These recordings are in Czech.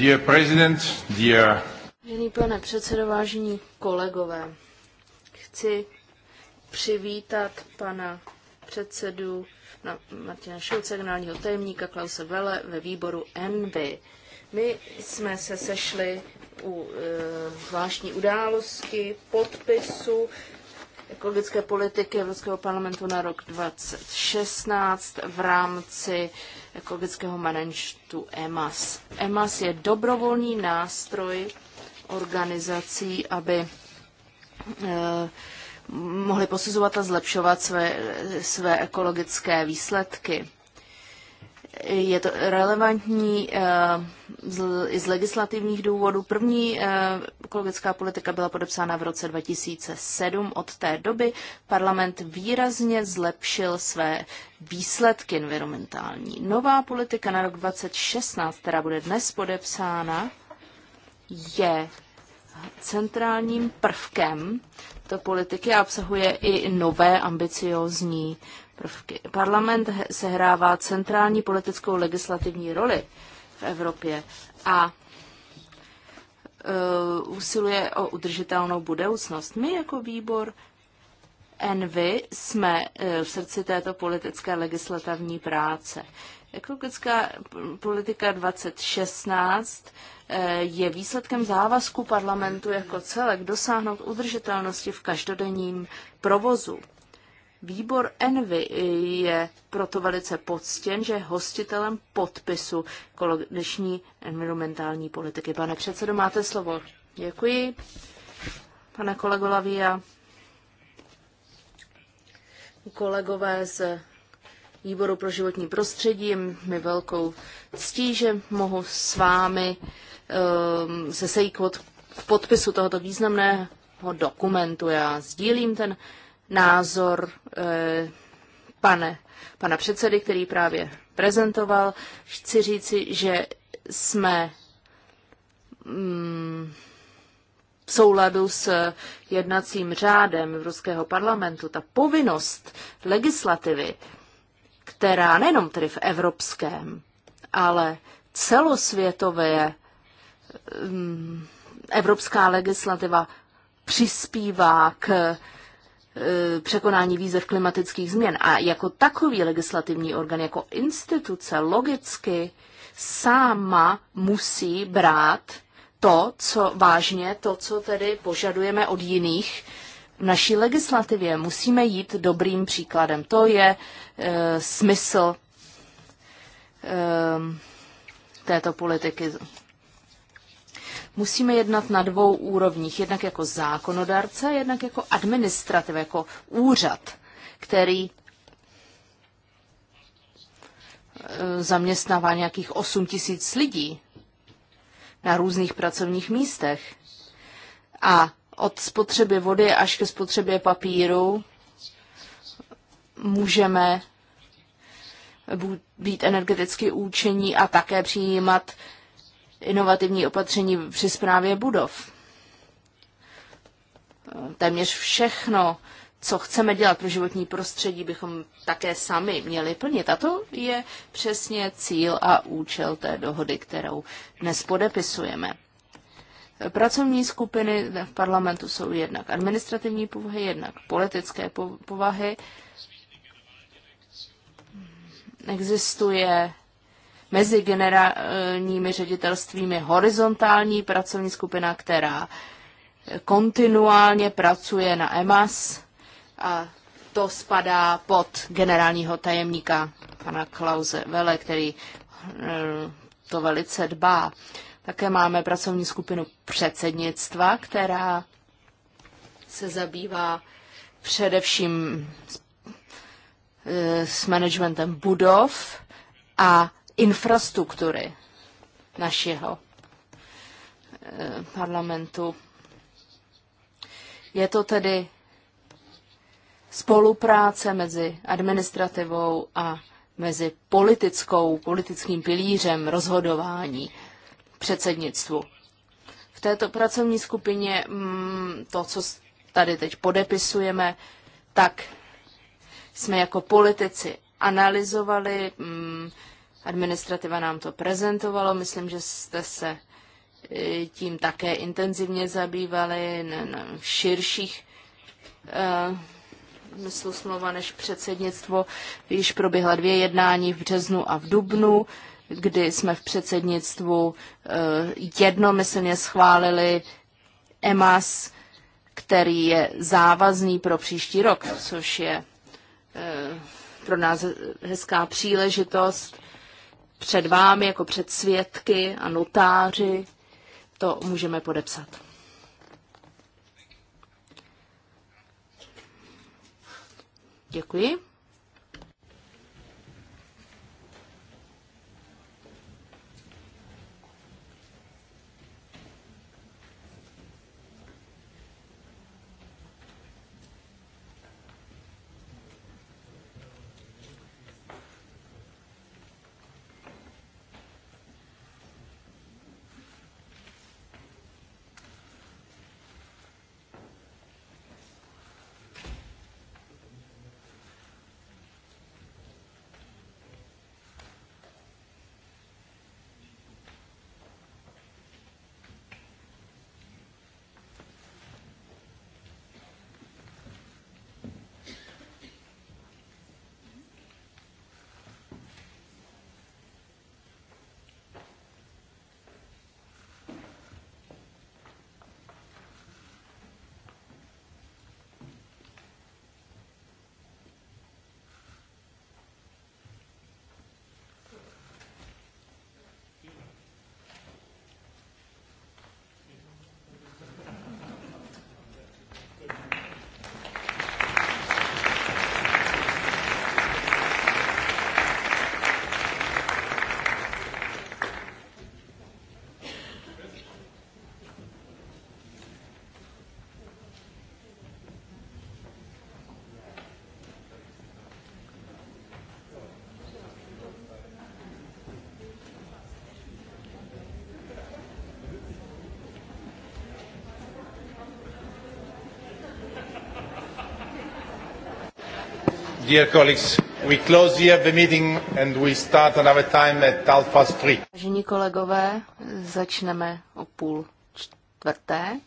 Dear president, dear... pane předsedo, vážení kolegové, chci přivítat pana předsedu Martina Šulce, generálního tajemníka Klause Vele ve výboru Envy. My jsme se sešli u e, zvláštní události, podpisu ekologické politiky Evropského parlamentu na rok 2016 v rámci e, ekologického managementu EMAS. EMAS je dobrovolný nástroj organizací, aby eh, mohly posuzovat a zlepšovat své, své ekologické výsledky. Je to relevantní eh, i z legislativních důvodů. První eh, ekologická politika byla podepsána v roce 2007. Od té doby parlament výrazně zlepšil své výsledky environmentální. Nová politika na rok 2016, která bude dnes podepsána, je centrálním prvkem této politiky a obsahuje i nové ambiciozní prvky. Parlament sehrává centrální politickou legislativní roli v Evropě a uh, usiluje o udržitelnou budoucnost. My jako výbor Envy jsme e, v srdci této politické legislativní práce. Ekologická politika 2016 e, je výsledkem závazku parlamentu jako celek dosáhnout udržitelnosti v každodenním provozu. Výbor Envy je proto velice poctěn, že hostitelem podpisu dnešní environmentální politiky. Pane předsedo, máte slovo. Děkuji, pane kolego Lavia. Kolegové z Výboru pro životní prostředí je mi velkou ctí, že mohu s vámi um, se sejít v podpisu tohoto významného dokumentu. Já sdílím ten názor eh, pane, pana předsedy, který právě prezentoval. Chci říci, že jsme mm, v souladu s jednacím řádem Evropského parlamentu ta povinnost legislativy, která nejenom tedy v evropském, ale celosvětové mm, evropská legislativa přispívá k E, překonání výzev klimatických změn. A jako takový legislativní orgán, jako instituce, logicky sama musí brát to, co vážně, to, co tedy požadujeme od jiných v naší legislativě. Musíme jít dobrým příkladem. To je e, smysl e, této politiky musíme jednat na dvou úrovních, jednak jako zákonodárce, jednak jako administrativ, jako úřad, který eh, zaměstnává nějakých 8 tisíc lidí na různých pracovních místech. A od spotřeby vody až ke spotřebě papíru můžeme být energeticky účinní a také přijímat inovativní opatření při správě budov. Téměř všechno, co chceme dělat pro životní prostředí, bychom také sami měli plnit. A to je přesně cíl a účel té dohody, kterou dnes podepisujeme. Pracovní skupiny v parlamentu jsou jednak administrativní povahy, jednak politické povahy. Existuje mezi generálními ředitelstvími horizontální pracovní skupina, která kontinuálně pracuje na EMAS a to spadá pod generálního tajemníka pana Klause Vele, který eh, to velice dbá. Také máme pracovní skupinu předsednictva, která se zabývá především s eh, managementem budov a infrastruktury našeho eh, parlamentu. Je to tedy spolupráce mezi administrativou a mezi politickou, politickým pilířem rozhodování předsednictvu. V této pracovní skupině mm, to, co tady teď podepisujeme, tak jsme jako politici analyzovali mm, Administrativa nám to prezentovala, myslím, že jste se e, tím také intenzivně zabývali na, na širších e, smyslu slova než předsednictvo. Již proběhla dvě jednání v březnu a v dubnu, kdy jsme v předsednictvu e, jednomyslně schválili EMAS, který je závazný pro příští rok, což je pro nás hezká příležitost před vámi jako před svědky a notáři to můžeme podepsat. Děkuji. Dear colleagues, we close here the meeting and we start another time at half past three. Vážení kolegové, začneme o půl čtvrté.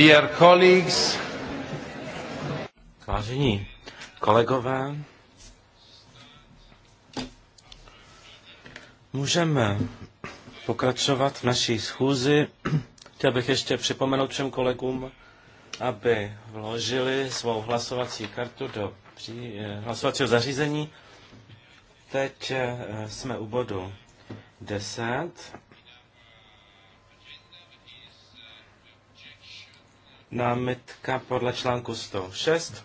Dear colleagues. Vážení kolegové, můžeme pokračovat v naší schůzi. Chtěl bych ještě připomenout všem kolegům, aby vložili svou hlasovací kartu do při, eh, hlasovacího zařízení. Teď eh, jsme u bodu 10. námitka podle článku 106.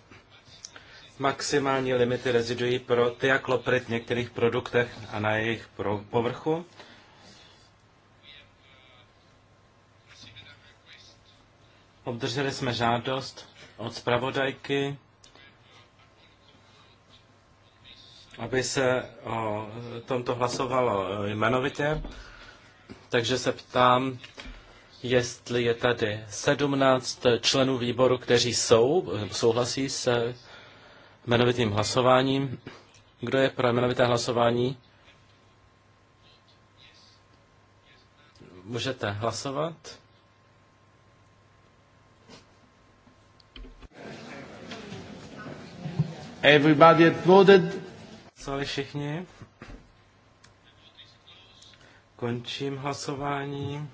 Maximální limity rezidují pro tiaklopryt v některých produktech a na jejich povrchu. Obdrželi jsme žádost od zpravodajky, aby se o tomto hlasovalo jmenovitě. Takže se ptám, jestli je tady 17 členů výboru, kteří jsou, souhlasí s jmenovitým hlasováním. Kdo je pro jmenovité hlasování? Můžete hlasovat. Everybody voted. Hlasovali všichni. Končím hlasování.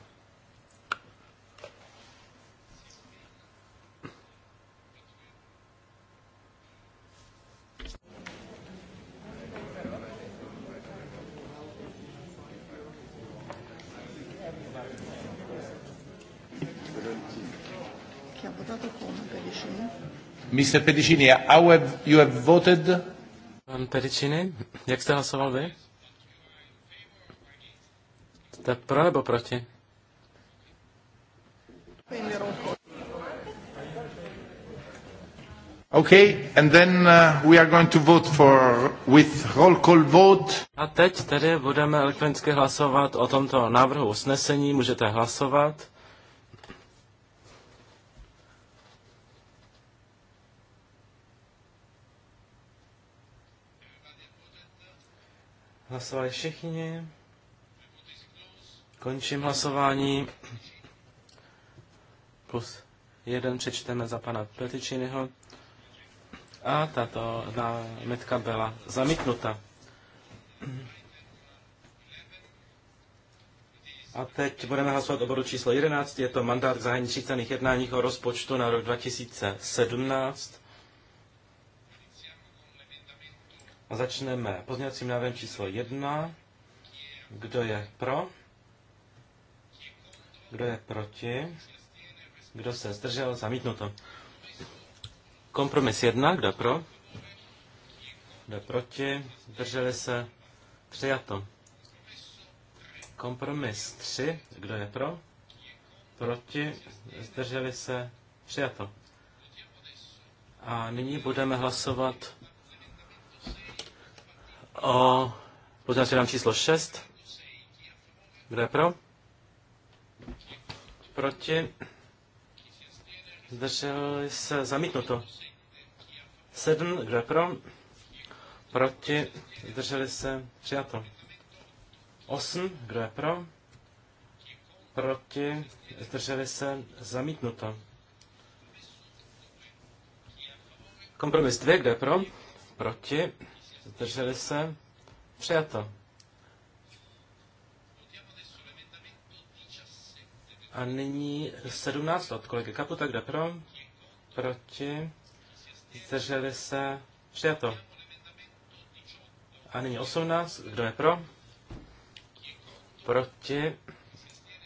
Mr. Pedicini, how have you have voted? Pan Pedicini, jak jste hlasoval vy? Jste pro nebo proti? Okay, and then uh, we are going to vote for with roll call vote. A teď tedy budeme elektronicky hlasovat o tomto návrhu usnesení. Můžete hlasovat. Hlasovali všichni. Končím hlasování. Plus jeden přečteme za pana Petičinyho. A tato námitka byla zamítnuta. A teď budeme hlasovat o bodu číslo 11. Je to mandát k zahájení jednáních o rozpočtu na rok 2017. A začneme pozměňovacím návrhem číslo 1. Kdo je pro? Kdo je proti? Kdo se zdržel? Zamítnuto. Kompromis 1. Kdo je pro? Kdo je proti? Zdrželi se? Přijato. Kompromis 3. Kdo je pro? Proti? Zdrželi se? Přijato. A nyní budeme hlasovat o pozměňovací nám číslo 6. Kdo je pro? Proti? Zdrželi se zamítnuto. 7. Kdo je pro? Proti? Zdrželi se přijato. 8. Kdo je pro? Proti? Zdrželi se zamítnuto. Kompromis 2. Kdo je pro? Proti? Zdrželi se? Přijato. A nyní 17 od kolegy Kaputa, kde pro? Proti. Zdrželi se? Přijato. A nyní 18, kdo je pro? Proti.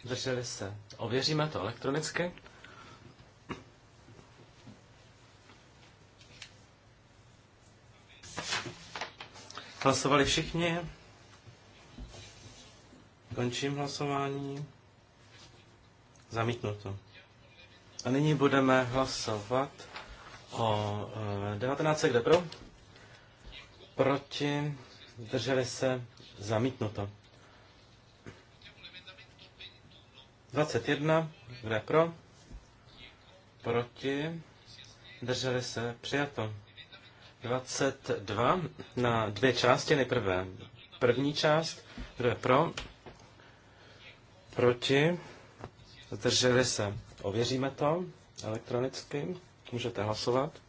Zdrželi se. Ověříme to elektronicky. Hlasovali všichni? Končím hlasování. Zamítnuto. A nyní budeme hlasovat o 19. Eh, Kde pro? Proti. Drželi se. Zamítnuto. 21. Kde pro? Proti. Drželi se. Přijato. 22 na dvě části. Nejprve první část, kdo je pro, proti, zdrželi se. Ověříme to elektronicky, můžete hlasovat.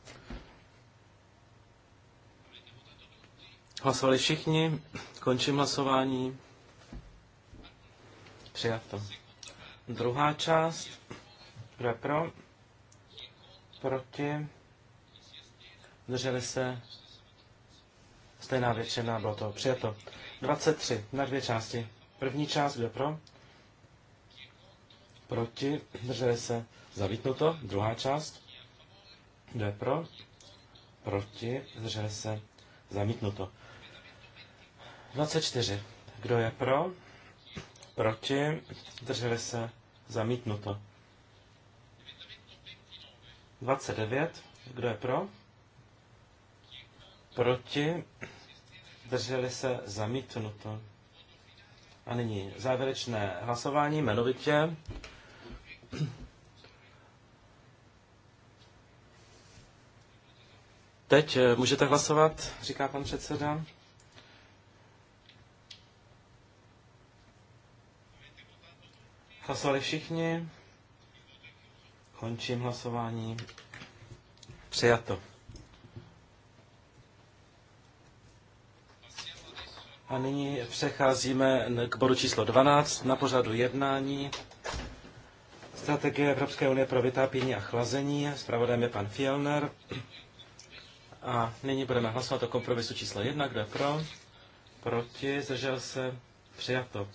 Hlasovali všichni, končím hlasování. Přijato. Druhá část, kdo je pro, proti, drželi se? Stejná většina, bylo to přijato. 23 na dvě části. První část, kdo pro? Proti, drželi se. zavítnuto Druhá část. Kdo je pro? Proti, drželi se. Zamítnuto. 24. Kdo je pro? Proti, drželi se. Zamítnuto. 29. Kdo je pro? proti, drželi se zamítnuto. A nyní závěrečné hlasování jmenovitě. Teď eh, můžete hlasovat, říká pan předseda. Hlasovali všichni. Končím hlasování. Přijato. A nyní přecházíme k bodu číslo 12 na pořadu jednání. Strategie Evropské unie pro vytápění a chlazení. Zpravodajem je pan Fielner. A nyní budeme hlasovat o kompromisu číslo 1. Kdo je pro? Proti? Zdržel se? Přijato.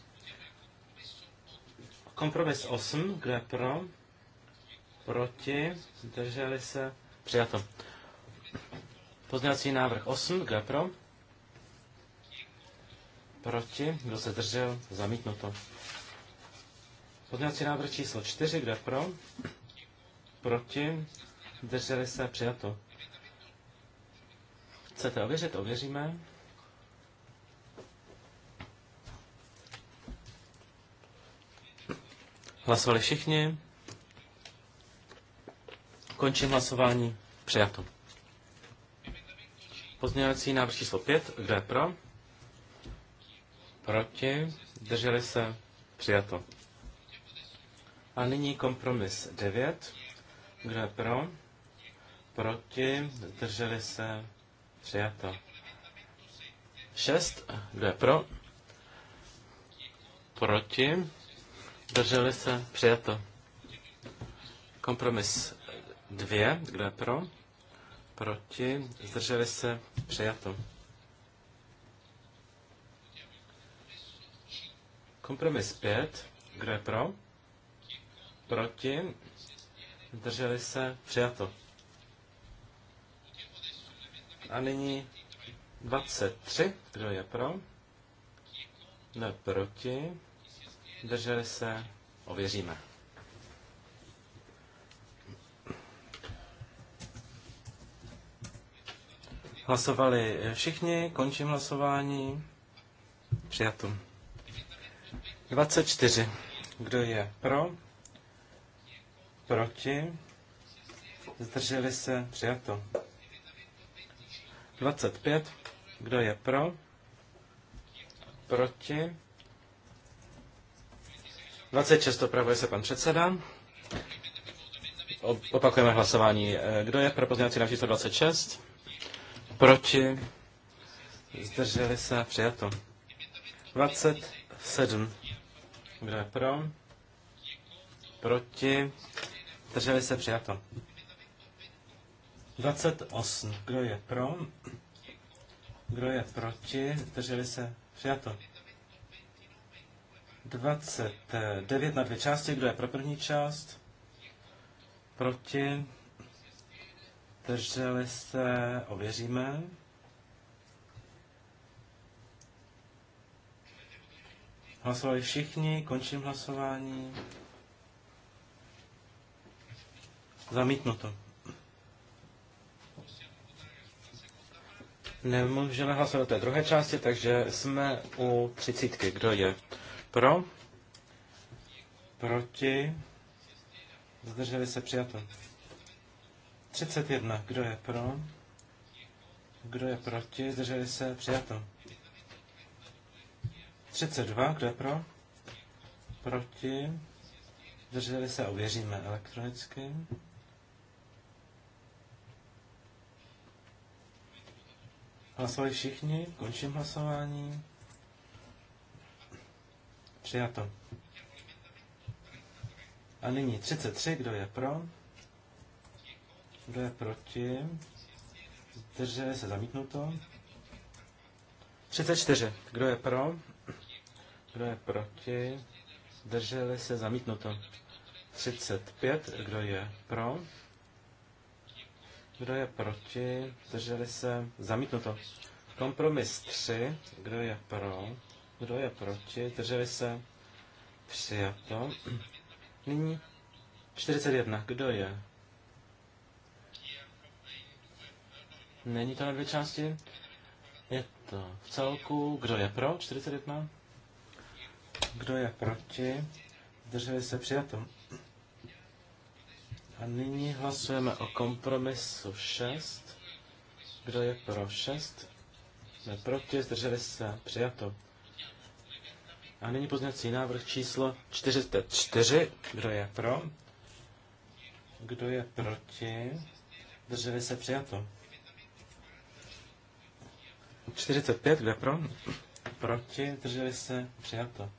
Kompromis 8. Kdo je pro? Proti? Zdrželi se? Přijato. Pozměňovací návrh 8. Kdo je pro? Proti? Kdo se držel? Zamítnuto. Podňovací návrh číslo 4, kde pro? Proti? Drželi se? Přijato. Chcete ověřit? Ověříme. Hlasovali všichni. Končím hlasování. Přijato. Pozměňovací návrh číslo 5. Kdo je pro? Proti? Drželi se? Přijato. A nyní kompromis 9. Kdo je pro? Proti? Drželi se? Přijato. 6. Kdo je pro? Proti? Drželi se? Přijato. Kompromis 2. Kdo je pro? Proti? Zdrželi se? Přijato. Kompromis 5. Kdo je pro? Proti? Drželi se? Přijato. A nyní 23. Kdo je pro? Ne proti. Drželi se? Ověříme. Hlasovali všichni, končím hlasování. Přijatom. 24. Kdo je pro? Proti? Zdrželi se? Přijato. 25. Kdo je pro? Proti? 26. Opravuje se pan předseda. Opakujeme hlasování. Kdo je pro pozměňovací návrh číslo 26? Proti? Zdrželi se? Přijato. 27. Kdo je pro? Proti? Drželi se přijato. 28. Kdo je pro? Kdo je proti? Drželi se přijato. 29 na dvě části. Kdo je pro první část? Proti? Drželi se, ověříme. Hlasovali všichni, končím hlasování. Zamítnuto. Nemůžeme hlasovat o té druhé části, takže jsme u třicítky. Kdo je pro? Proti? Zdrželi se přijato. 31. Kdo je pro? Kdo je proti? Zdrželi se přijato. 32, kdo je pro? Proti? Drželi se, ověříme elektronicky. Hlasovali všichni, končím hlasování. Přijato. A nyní 33, kdo je pro? Kdo je proti? Zdrželi se zamítnuto. 34, kdo je pro? Kdo je proti? Drželi se zamítnuto. 35. Kdo je pro? Kdo je proti? Drželi se zamítnuto. Kompromis 3. Kdo je pro? Kdo je proti? Drželi se přijato. Nyní 41. Kdo je? Není to na dvě části? Je to v celku. Kdo je pro? 41. Kdo je proti? drželi se přijato. A nyní hlasujeme o kompromisu 6. Kdo je pro 6? Jsme proti, zdrželi se, přijato. A nyní pozměňovací návrh číslo 44. Kdo je pro? Kdo je proti? Zdrželi se, přijato. 45, kdo je pro? Proti, zdrželi se, přijato.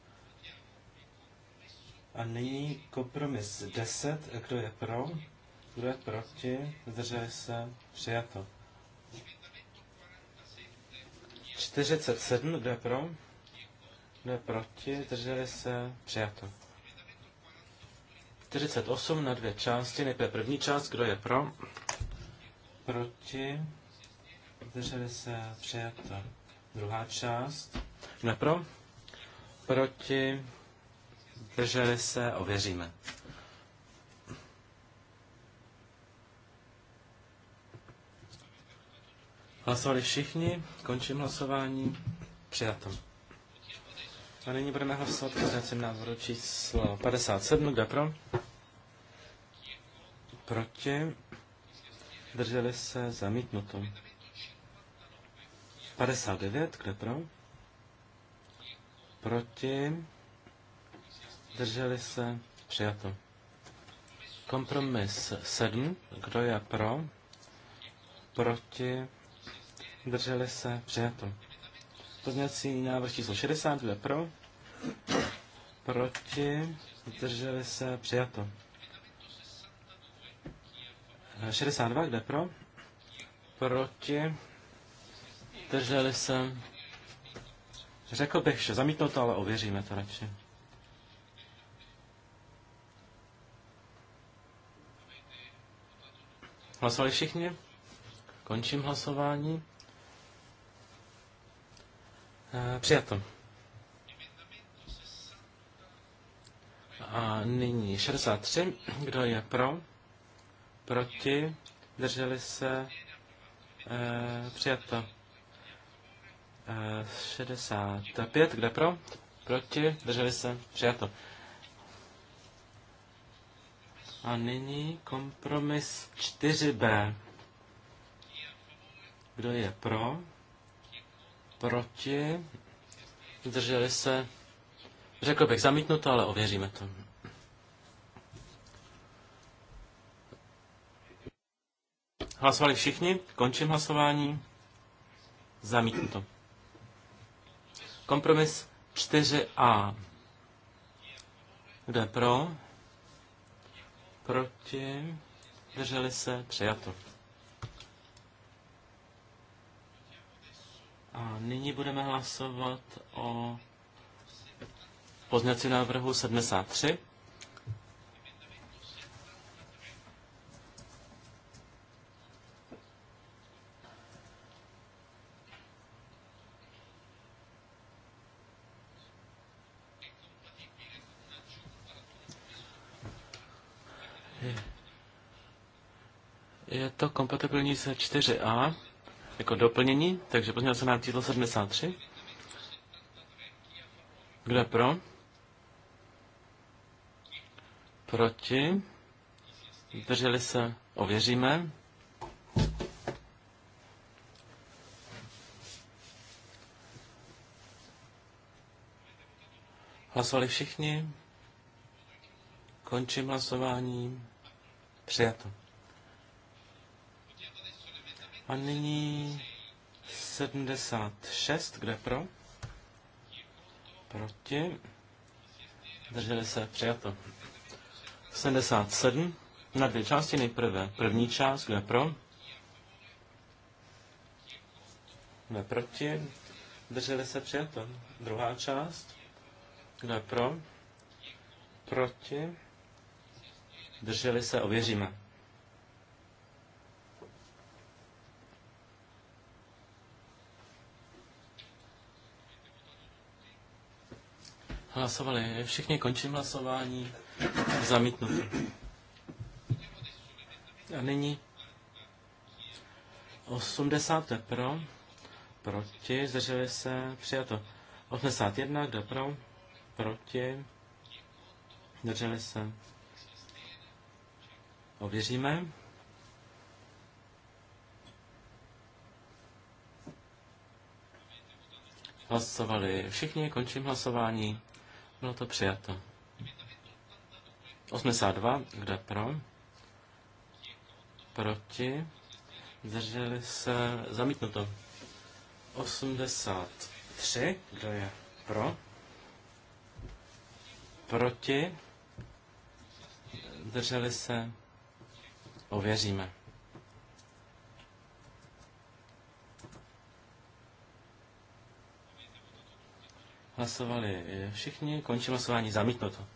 A nyní kompromis 10. Kdo je pro? Kdo je proti? Zdrželi se? Přijato. 47. Kdo je pro? Kdo je proti? Zdrželi se? Přijato. 48 na dvě části. Nejprve první část. Kdo je pro? Proti? Zdrželi se? Přijato. Druhá část. Kdo je pro? Proti? Drželi se, ověříme. Hlasovali všichni, končím hlasování, přijato. A nyní budeme hlasovat pozměňovacím návrhu číslo 57, kde pro? Proti. Drželi se zamítnuto. 59, kde pro? Proti. Zdrželi se? Přijato. Kompromis 7. Kdo je pro? Proti? Zdrželi se? Přijato. Pozměňovací návrh číslo 60. Kdo je pro? Proti? Zdrželi se? Přijato. 62. Kdo je pro? Proti? Zdrželi se? Řekl bych, že zamítnout to, ale ověříme to radši. Hlasovali všichni? Končím hlasování. Eh, přijato. A nyní 63. Kdo je pro? Proti? Drželi se? E, přijato. E, eh, 65. je pro? Proti? Drželi se? Přijato. A nyní kompromis 4b. Kdo je pro? Proti? Zdrželi se? Řekl bych zamítnuto, ale ověříme to. Hlasovali všichni? Končím hlasování. Zamítnuto. Kompromis 4a. Kdo je pro? proti, drželi se, přijato. A nyní budeme hlasovat o pozměňovacím návrhu 73. to kompatibilní se 4a jako doplnění, takže pozměnil se návrh číslo 73. Kdo je pro? Proti? Zdrželi se? Ověříme. Hlasovali všichni? Končím hlasování. Přijato. A nyní 76, kde pro? Proti. Drželi se, přijato. 77, na dvě části nejprve. První část, kde pro? Kde proti. Drželi se, přijato. Druhá část, kde pro? Proti. Drželi se, ověříme. Hlasovali všichni, končím hlasování. Zamítnuto. A nyní 80 pro, proti, zdrželi se, přijato. 81, kdo pro, proti, zdrželi se. Ověříme. Hlasovali všichni, končím hlasování. Bylo to přijato. 82, kde pro? Proti. Zdrželi se zamítnuto. 83, kdo je pro? Proti. Zdrželi se. Ověříme. Hlasovali všichni, končí hlasování, zamítnuto.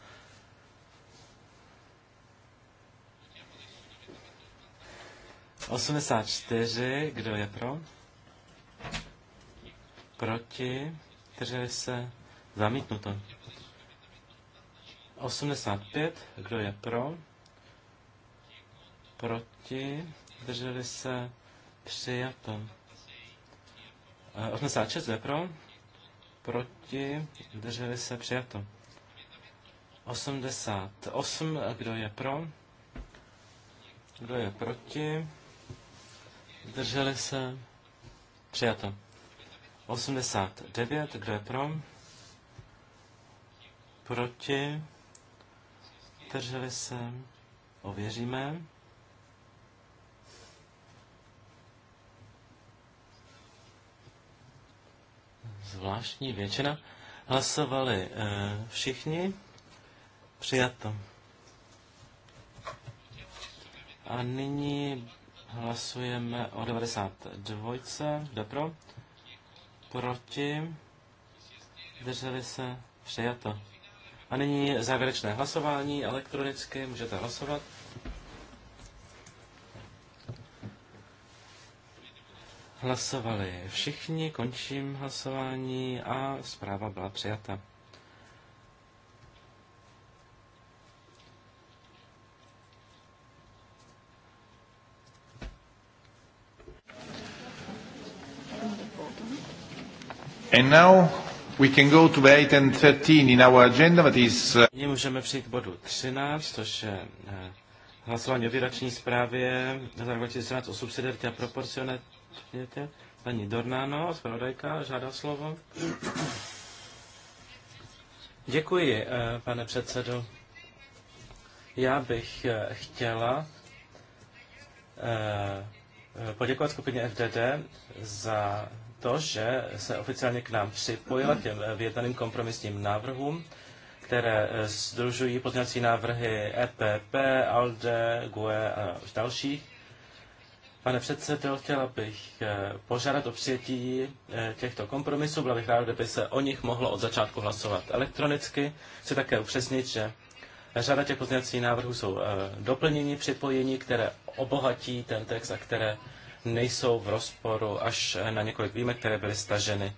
Osmdesát čtyři, kdo je pro? Proti, drželi se, zamítnuto. 85, kdo je pro? Proti, drželi se, přijato. 86, eh, kdo je pro? proti, drželi se, přijato. 88, kdo je pro, kdo je proti, Drželi se, přijato. 89, kdo je pro, proti, Drželi se, ověříme. zvláštní většina. Hlasovali eh, všichni. Přijato. A nyní hlasujeme o 92. Kdo pro? Proti? Drželi se? Přijato. A nyní závěrečné hlasování elektronicky. Můžete hlasovat. Hlasovali všichni, končím hlasování a zpráva byla přijata. And now we can go to item 13 in our agenda, that is... Uh, Nyní můžeme přijít k bodu 13, což je eh, hlasování o výroční zprávě za 2013 o subsidiarity a proporcionalitě přijete. Paní Dornáno, zpravodajka, žádá slovo. Děkuji, eh, pane předsedo. Já bych eh, chtěla eh, poděkovat skupině FDD za to, že se oficiálně k nám připojila těm vyjednaným kompromisním návrhům, které združují pozměňovací návrhy EPP, ALDE, GUE a dalších Pane předsedo, chtěla bych eh, požádat o přijetí eh, těchto kompromisů. Byla bych rád, kdyby se o nich mohlo od začátku hlasovat elektronicky. Chci také upřesnit, že řada těch pozměňovacích návrhů jsou eh, doplnění, připojení, které obohatí ten text a které nejsou v rozporu až na několik výjimek, které byly staženy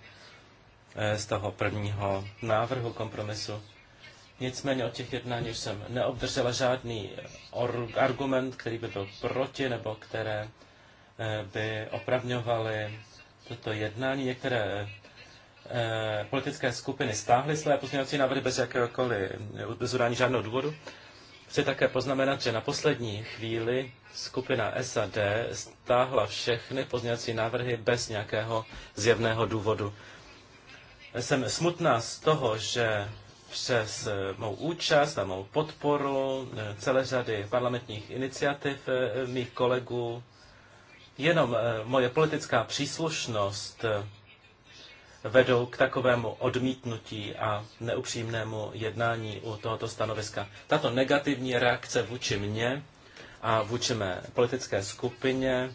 z toho prvního návrhu kompromisu. Nicméně od těch jednání už jsem neobdržela žádný argument, který by byl proti nebo které Eh, by opravňovaly toto jednání. Některé eh, politické skupiny stáhly své pozměňovací návrhy bez jakéhokoliv, bez udání žádného důvodu. Chci také poznamenat, že na poslední chvíli skupina SAD stáhla všechny pozměňovací návrhy bez nějakého zjevného důvodu. Jsem smutná z toho, že přes mou účast a mou podporu eh, celé řady parlamentních iniciativ mých kolegů jenom eh, moje politická příslušnost eh, vedou k takovému odmítnutí a neupřímnému jednání u tohoto stanoviska. Tato negativní reakce vůči mně a vůči mé politické skupině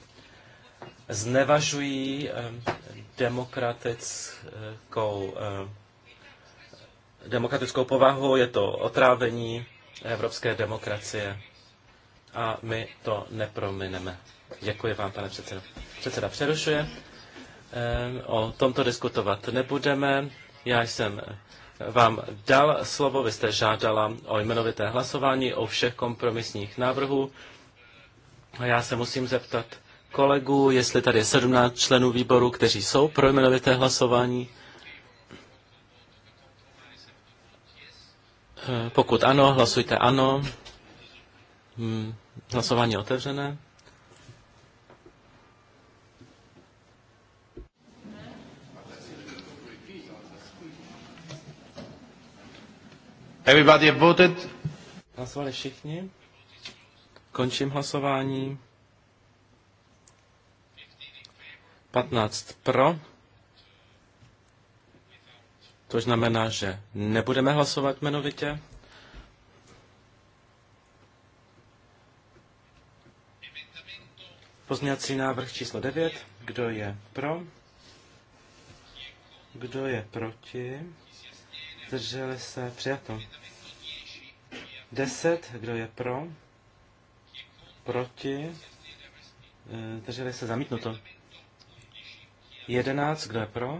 znevažují eh, demokratickou, demokratickou povahu, je to otrávení evropské demokracie a my to nepromineme. Děkuji vám, pane předsedo. Předseda přerušuje. Ehm, o tomto diskutovat nebudeme. Já jsem vám dal slovo, vy jste žádala o jmenovité hlasování o všech kompromisních návrhů. A já se musím zeptat kolegů, jestli tady je 17 členů výboru, kteří jsou pro jmenovité hlasování. Ehm, pokud ano, hlasujte ano. Hmm, hlasování otevřené. Everybody voted? Hlasovali všichni. Končím hlasování. 15 pro. To znamená, že nebudeme hlasovat jmenovitě. Pozměňovací návrh číslo 9. Kdo je pro? Kdo je proti? Zdrželi se? Přijato. Deset, Kdo je pro? Proti? Eh, zdrželi se? Zamítnuto. Jedenáct, Kdo je pro?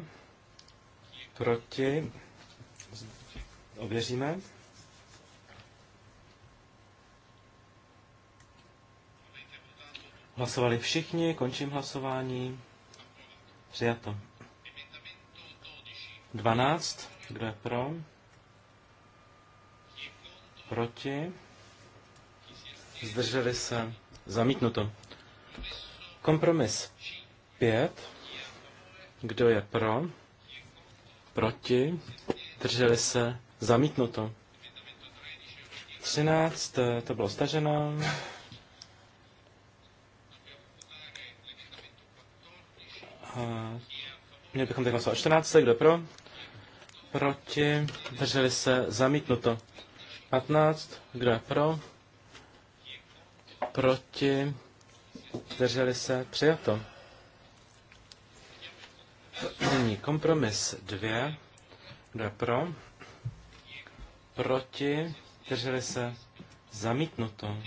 Proti? Ověříme. Hlasovali všichni, končím hlasování. Přijato. 12. Kdo je pro? Proti? Zdrželi se. Zamítnuto. Kompromis 5. Kdo je pro? Proti? Zdrželi se. Zamítnuto. 13. To bylo staženo. Měli bychom teď hlasovat 14. Kdo je pro? proti, drželi se, zamítnuto. 15, kdo je pro, proti, drželi se, přijato. Nyní kompromis 2, kdo je pro, proti, drželi se, zamítnuto.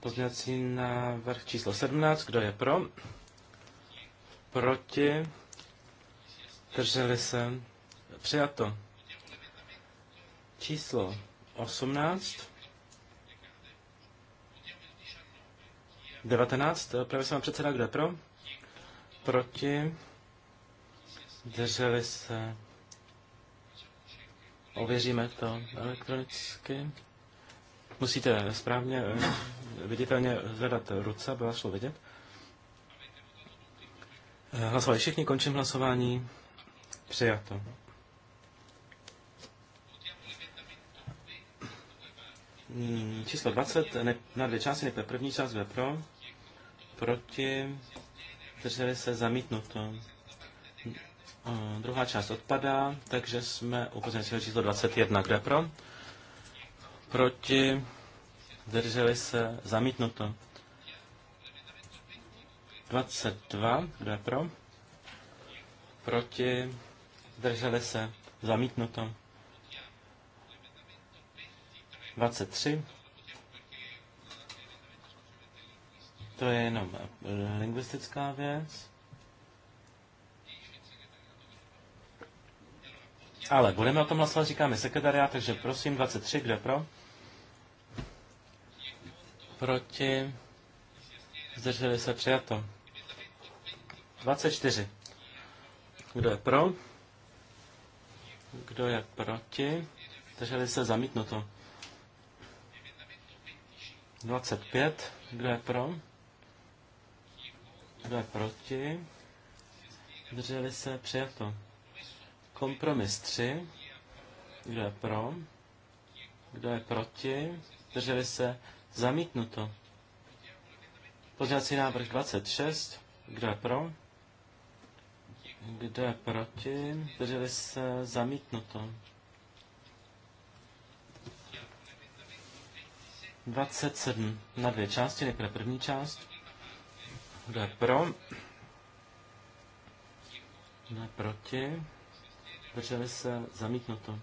Pozměňovací návrh číslo 17, kdo je pro, proti, drželi se, Přijato. Číslo 18. 19. Právě jsem předseda, kde pro? Proti. Drželi se. Ověříme to elektronicky. Musíte správně, eh, viditelně zvedat ruce, aby vás šlo vidět. Eh, hlasovali všichni, končím hlasování. Přijato. Hmm, číslo 20 ne, na dvě části, nejprve první část ve pro, proti, drželi se zamítnuto. A druhá část odpadá, takže jsme u pozměňovacího číslo 21, kde pro, proti, drželi se zamítnuto. 22, kde pro, proti, drželi se zamítnuto. 23. To je jenom eh, lingvistická věc. Ale budeme o tom hlasovat, říkáme sekretariát, takže prosím 23, kde pro? Proti. Zdrželi se přijato. 24. Kdo je pro? Kdo je proti? Zdrželi se zamítnuto. 25. Kdo je pro? Kdo je proti? Drželi se přijato. Kompromis 3. Kdo je pro? Kdo je proti? Drželi se zamítnuto. Pozměňovací návrh 26. Kdo je pro? Kdo je proti? Drželi se zamítnuto. 27 na dvě části, nejprve první část. Kdo je pro? Ne proti? Drželi se zamítnuto.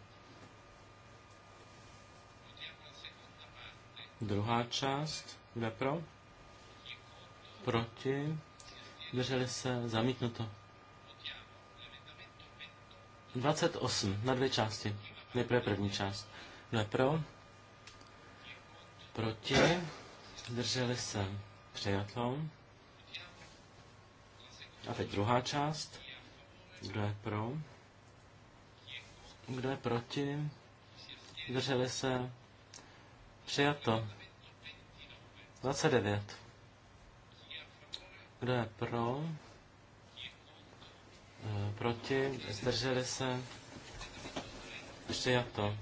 Druhá část. Kdo je pro? Proti? Drželi se zamítnuto. 28 na dvě části. Nejprve první část. Kdo je pro? Proti? Drželi se přijato. A teď druhá část. Kdo je pro? Kdo je proti? Drželi se přijato. 29. Kdo je pro? E, proti? Zdrželi se? Přijato.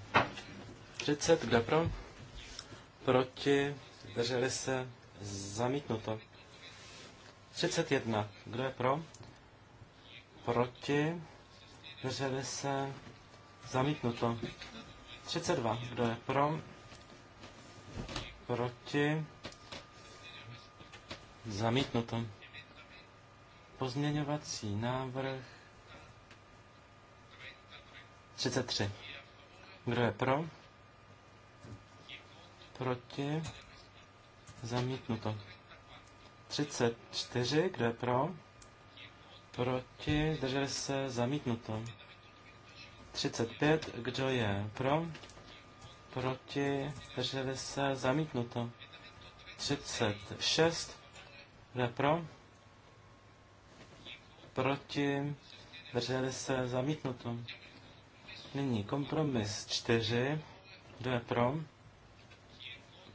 30. Kdo je pro? Proti? Zdrželi se? Zamítnuto. 31. Kdo je pro? Proti? Zdrželi se? Zamítnuto. 32. Kdo je pro? Proti? Zamítnuto. Pozměňovací návrh 33. Kdo je pro? proti, zamítnuto. 34, kdo je pro, proti, drželi se, zamítnuto. 35, kdo je pro, proti, drželi se, zamítnuto. 36, kdo je pro, proti, drželi se, zamítnuto. Nyní kompromis 4, kdo je pro,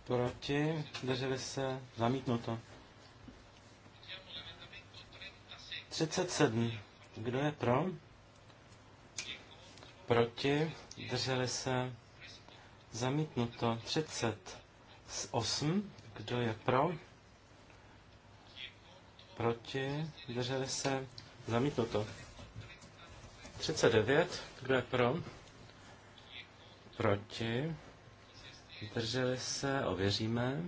Proti? Drželi se? Zamítnuto. 37. Kdo je pro? Proti? Drželi se? Zamítnuto. 38. Kdo je pro? Proti? Drželi se? Zamítnuto. 39. Kdo je pro? Proti? Vydrželi se, ověříme.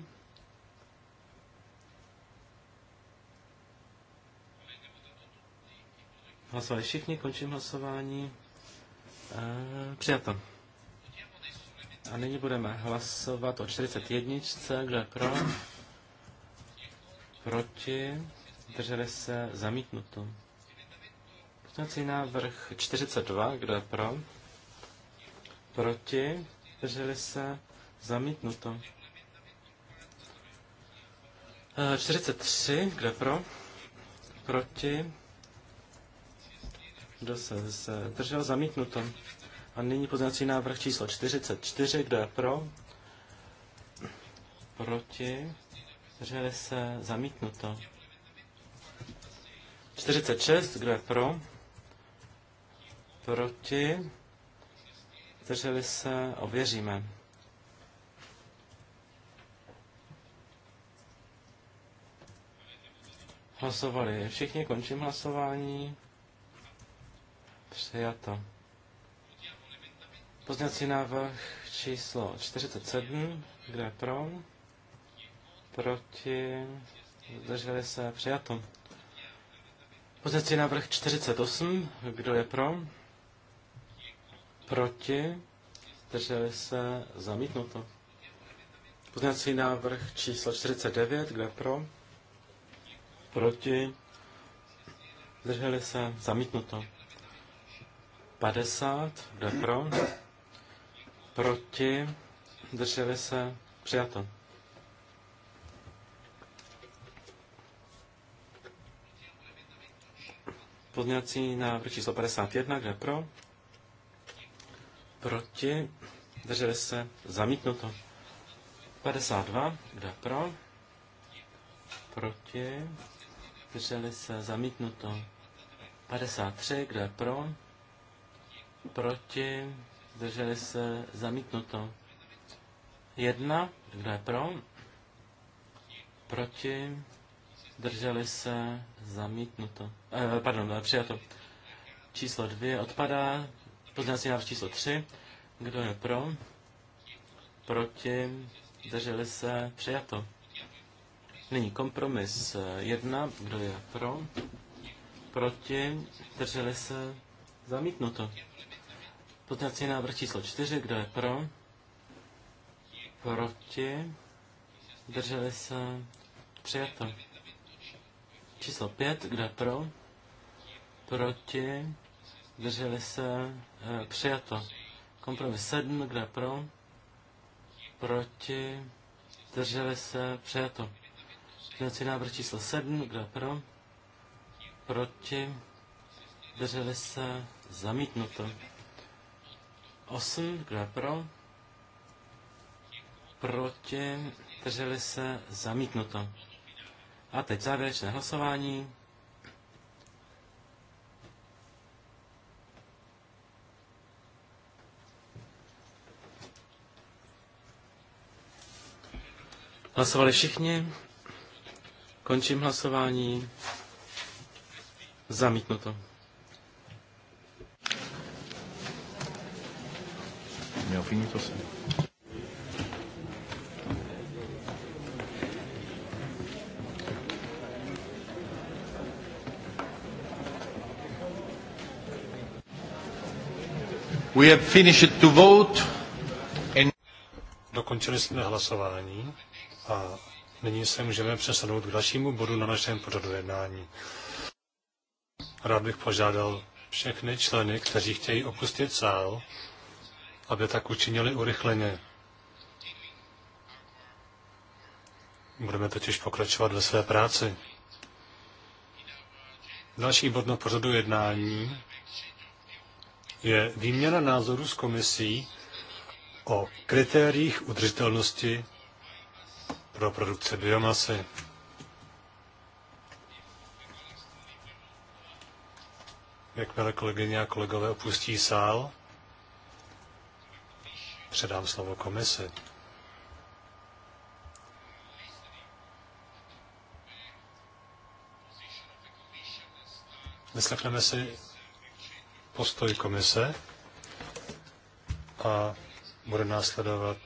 Hlasovali všichni, končím hlasování. E, přijato. A nyní budeme hlasovat o 41. Kdo je pro? Proti? Drželi se zamítnuto. Poznací návrh 42. Kdo je pro? Proti? Drželi se Zamítnuto. 43, e, kde pro? Proti. Kdo se zdržel? Zamítnuto. A nyní pozměňovací návrh číslo 44, kdo je pro? Proti. Zdrželi se? Zamítnuto. 46, kdo je pro? Proti. Zdrželi se? Ověříme. Hlasovali všichni, končím hlasování. Přijato. Poznací návrh číslo 47, kde je pro, proti, zdrželi se, přijato. Poznací návrh 48, kdo je pro, proti, zdrželi se, zamítnuto. Poznací návrh číslo 49, kde je pro, proti, zdrželi se, zamítnuto. 50, kdo je pro, proti, zdrželi se, přijato. Pozměňovací návrh číslo 51, kde pro? Proti. Drželi se. Zamítnuto. 52, kde pro? Proti zdrželi se, zamítnuto. 53, kdo je pro, proti, zdrželi se, zamítnuto. 1, kdo je pro, proti, zdrželi se, zamítnuto. Eh, pardon, eh, přijato. Číslo 2 odpadá, si návrh číslo 3, kdo je pro, proti, zdrželi se, přijato. Nyní kompromis eh, jedna, kdo je pro, proti, drželi se, zamítnuto. Poznací návrh číslo čtyři, kdo je pro, proti, drželi se, přijato. Číslo pět, kdo je pro, proti, drželi se, eh, přijato. Kompromis sedm, kdo je pro, proti, drželi se, přijato. Pozměňovací návrh číslo 7, kdo je pro? Proti? Drželi se? Zamítnuto. 8, kdo je pro? Proti? Drželi se? Zamítnuto. A teď závěrečné hlasování. Hlasovali všichni. Končím hlasování. Zamítnuto. Měl finito se. We have finished to vote and... Dokončili jsme hlasování a Nyní se můžeme přesunout k dalšímu bodu na našem pořadu jednání. Rád bych požádal všechny členy, kteří chtějí opustit sál, aby tak učinili urychleně. Budeme totiž pokračovat ve své práci. Další bod na pořadu jednání je výměna názorů s komisí o kritériích udržitelnosti pro produkci biomasy. Jakmile kolegyně a kolegové opustí sál, předám slovo komisi. Vyslechneme si postoj komise a bude následovat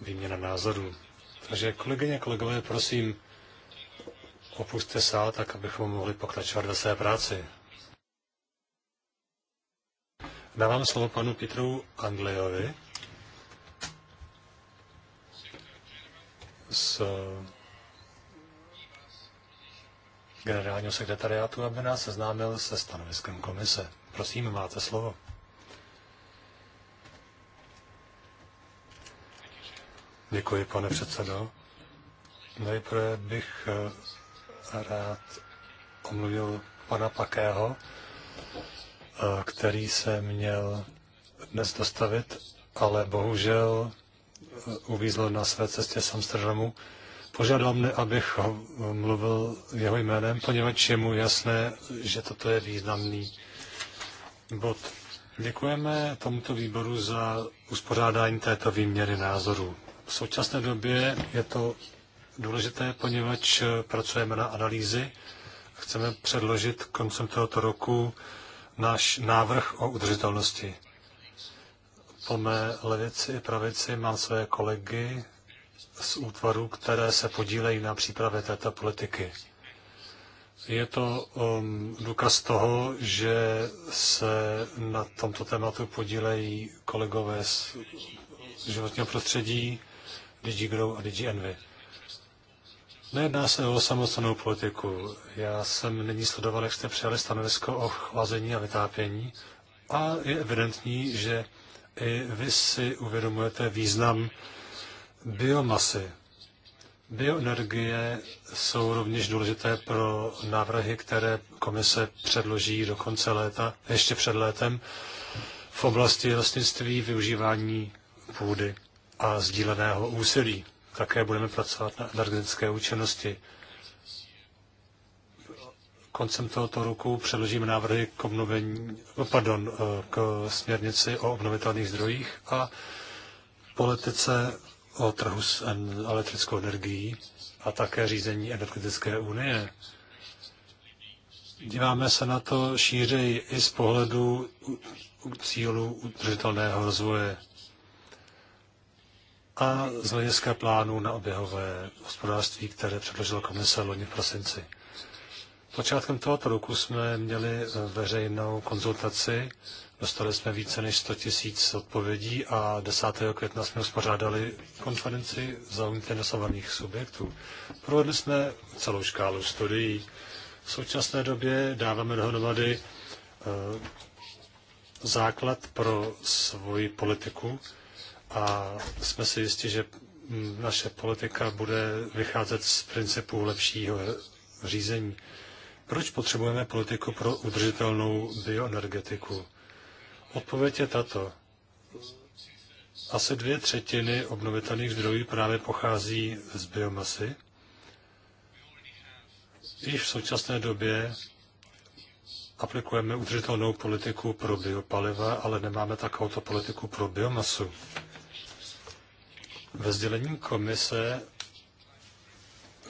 výměna názorů. Takže kolegyně, kolegové, prosím, opuste sál, tak abychom mohli pokračovat ve své práci. Dávám slovo panu Petru Andlejovi z generálního sekretariátu, aby nás seznámil se stanoviskem komise. Prosím, máte slovo. Děkuji, pane předsedo. Nejprve bych eh, rád omluvil pana Pakého, eh, který se měl dnes dostavit, ale bohužel eh, uvízl na své cestě z Amsterdamu. Požádal mne, abych mluvil jeho jménem, poněvadž je mu jasné, že toto je významný bod. Děkujeme tomuto výboru za uspořádání této výměny názorů. V současné době je to důležité, poněvadž eh, pracujeme na analýzy. Chceme předložit koncem tohoto roku náš návrh o udržitelnosti. Po mé levici i pravici mám své kolegy z útvarů, které se podílejí na přípravě této politiky. Je to um, důkaz toho, že se na tomto tématu podílejí kolegové z životního prostředí, DigiGrow a Envy. Nejedná se o samostatnou politiku. Já jsem nyní sledoval, jak jste přijali stanovisko o chlazení a vytápění a je evidentní, že i vy si uvědomujete význam biomasy. Bioenergie jsou rovněž důležité pro návrhy, které komise předloží do konce léta, ještě před létem, v oblasti lesnictví využívání půdy a sdíleného úsilí. Také budeme pracovat na energetické účinnosti. Koncem tohoto roku předložíme návrhy k, obnovení, pardon, k směrnici o obnovitelných zdrojích a politice o trhu s elektrickou energií a také řízení energetické unie. Díváme se na to šířej i z pohledu cílu udržitelného rozvoje a z hlediska plánu na oběhové hospodářství, které předložil komise loni v prosinci. Počátkem tohoto roku jsme měli veřejnou konzultaci, dostali jsme více než 100 tisíc odpovědí a 10. května jsme uspořádali konferenci zainteresovaných subjektů. Provedli jsme celou škálu studií. V současné době dáváme dohromady eh, základ pro svoji politiku, a jsme si jistí, že naše politika bude vycházet z principů lepšího řízení. Proč potřebujeme politiku pro udržitelnou bioenergetiku? Odpověď je tato. Asi dvě třetiny obnovitelných zdrojů právě pochází z biomasy. Již v současné době aplikujeme udržitelnou politiku pro biopaliva, ale nemáme takovouto politiku pro biomasu. Ve sdělení komise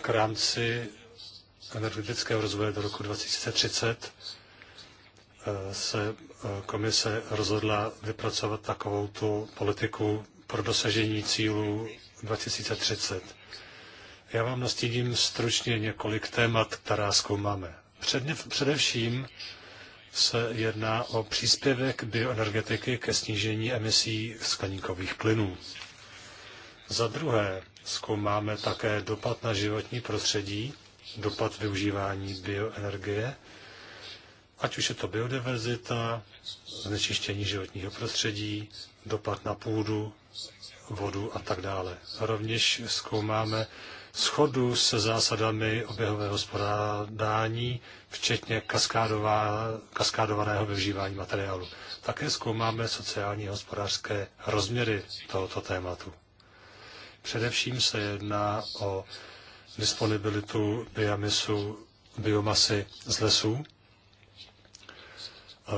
k rámci energetického rozvoje do roku 2030 eh, se eh, komise rozhodla vypracovat takovou tu politiku pro dosažení cílů 2030. Já vám nastíním stručně několik témat, která zkoumáme. Především se jedná o příspěvek bioenergetiky ke snížení emisí skleníkových plynů. Za druhé, zkoumáme také dopad na životní prostředí, dopad využívání bioenergie, ať už je to biodiverzita, znečištění životního prostředí, dopad na půdu, vodu a tak dále. Rovněž zkoumáme schodu se zásadami oběhového hospodádání, včetně kaskádová, kaskádovaného využívání materiálu. Také zkoumáme sociální a hospodářské rozměry tohoto tématu. Především se jedná o disponibilitu biomasu biomasy z lesů,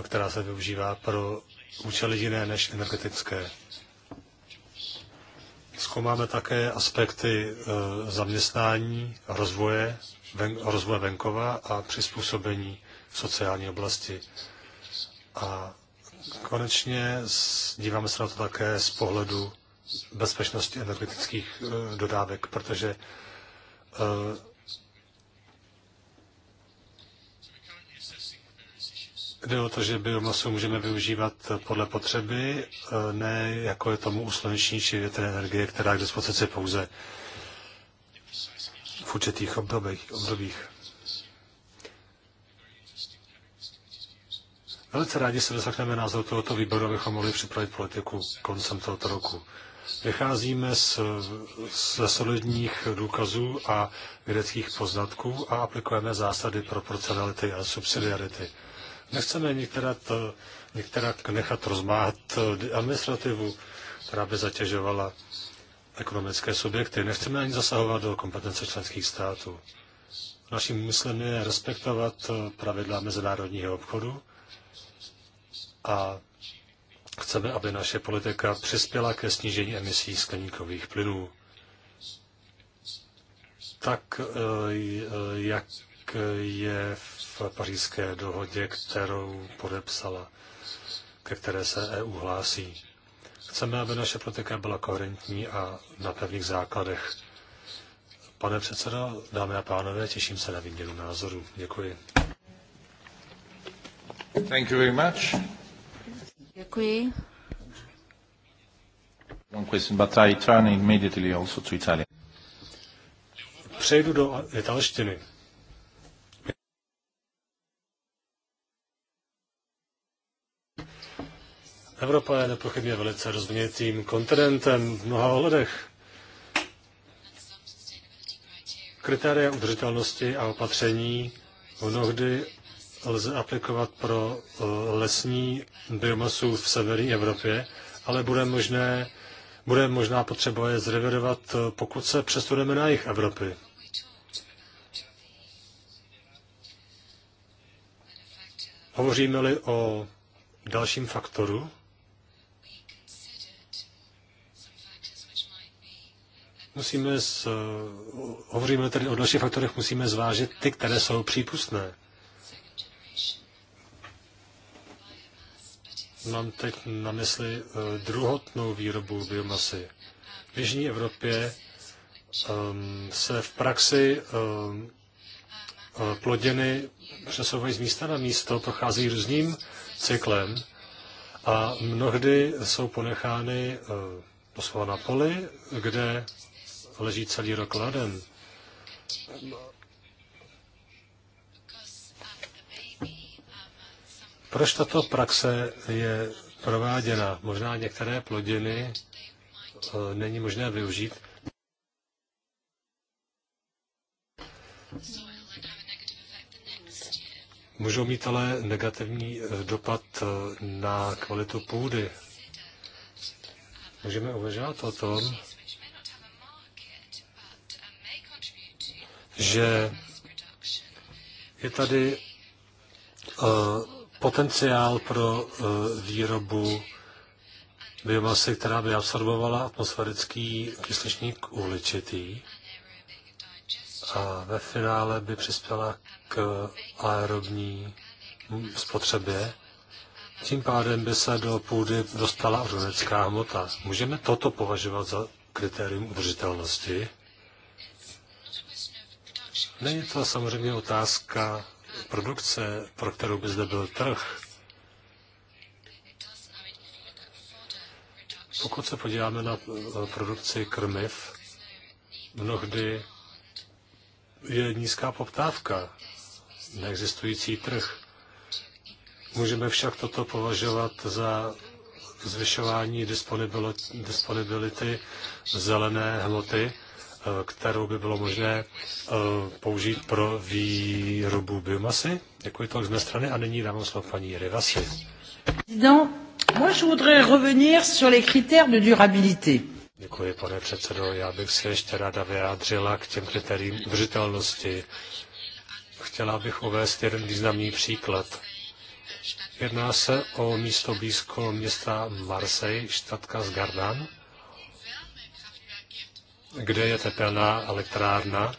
eh, která se využívá pro účely jiné než energetické. Zkoumáme také aspekty eh, zaměstnání, rozvoje, ven, rozvoje venkova a přizpůsobení sociální oblasti. A konečně díváme se na to také z pohledu bezpečnosti energetických eh, dodávek, protože eh, Jde o to, že biomasu můžeme využívat podle potřeby, eh, ne jako je tomu u sluneční či větrné energie, která je k dispozici pouze v určitých obdobích. obdobích. Velice rádi se dosáhneme názor tohoto výboru, abychom mohli připravit politiku koncem tohoto roku. Vycházíme z, ze solidních důkazů a vědeckých poznatků a aplikujeme zásady proporcionality a subsidiarity. Nechceme některá některá nechat rozmáhat administrativu, která by zatěžovala ekonomické subjekty. Nechceme ani zasahovat do kompetence členských států. Naším úmyslem je respektovat pravidla mezinárodního obchodu a Chceme, aby naše politika přispěla ke snížení emisí skleníkových plynů. Tak e, e, jak je v pařížské dohodě, kterou podepsala, ke které se EU hlásí. Chceme, aby naše politika byla koherentní a na pevných základech. Pane předsedo, dámy a pánové, těším se na výměnu názorů. Děkuji. Thank you very much. Děkuji. One question, but I turn immediately also to Italian. Přejdu do italštiny. Evropa je nepochybně velice rozvinitým kontinentem v mnoha ohledech. Kritéria udržitelnosti a opatření mnohdy lze aplikovat pro eh, lesní biomasu v severní Evropě, ale bude možné bude možná potřeba je zrevidovat, eh, pokud se přesuneme na jich Evropy. Hovoříme-li o dalším faktoru, musíme z, eh, hovoříme tedy o dalších faktorech, musíme zvážit ty, které jsou přípustné. mám teď na mysli eh, druhotnou výrobu biomasy. V Jižní Evropě ehm, se v praxi ehm, eh, plodiny přesouvají z místa na místo, prochází různým cyklem a mnohdy jsou ponechány poslova eh, na poli, kde leží celý rok laden. Proč tato praxe je prováděna? Možná některé plodiny eh, není možné využít. Můžou mít ale negativní eh, dopad eh, na kvalitu půdy. Můžeme uvažovat o tom, že je tady uh, potenciál pro eh, výrobu biomasy, která by absorbovala atmosférický kysličník uhličitý a ve finále by přispěla k aerobní spotřebě. Tím pádem by se do půdy dostala organická hmota. Můžeme toto považovat za kritérium udržitelnosti? Není to samozřejmě otázka produkce, pro kterou by zde byl trh, pokud se podíváme na eh, produkci krmiv, mnohdy je nízká poptávka, neexistující trh. Můžeme však toto považovat za zvyšování disponibility zelené hmoty, Eh, kterou by bylo možné eh, použít pro výrobu biomasy. Děkuji tolik z mé strany a nyní dávám slovo paní Rivasi. Moi, je voudrais revenir sur les critères de durabilité. Děkuji, pane předsedo. Já bych se ještě ráda vyjádřila k těm kritériím udržitelnosti. Chtěla bych uvést jeden významný příklad. Jedná se o místo blízko města Marseille, štatka z Gardan, kde je tepelná elektrárna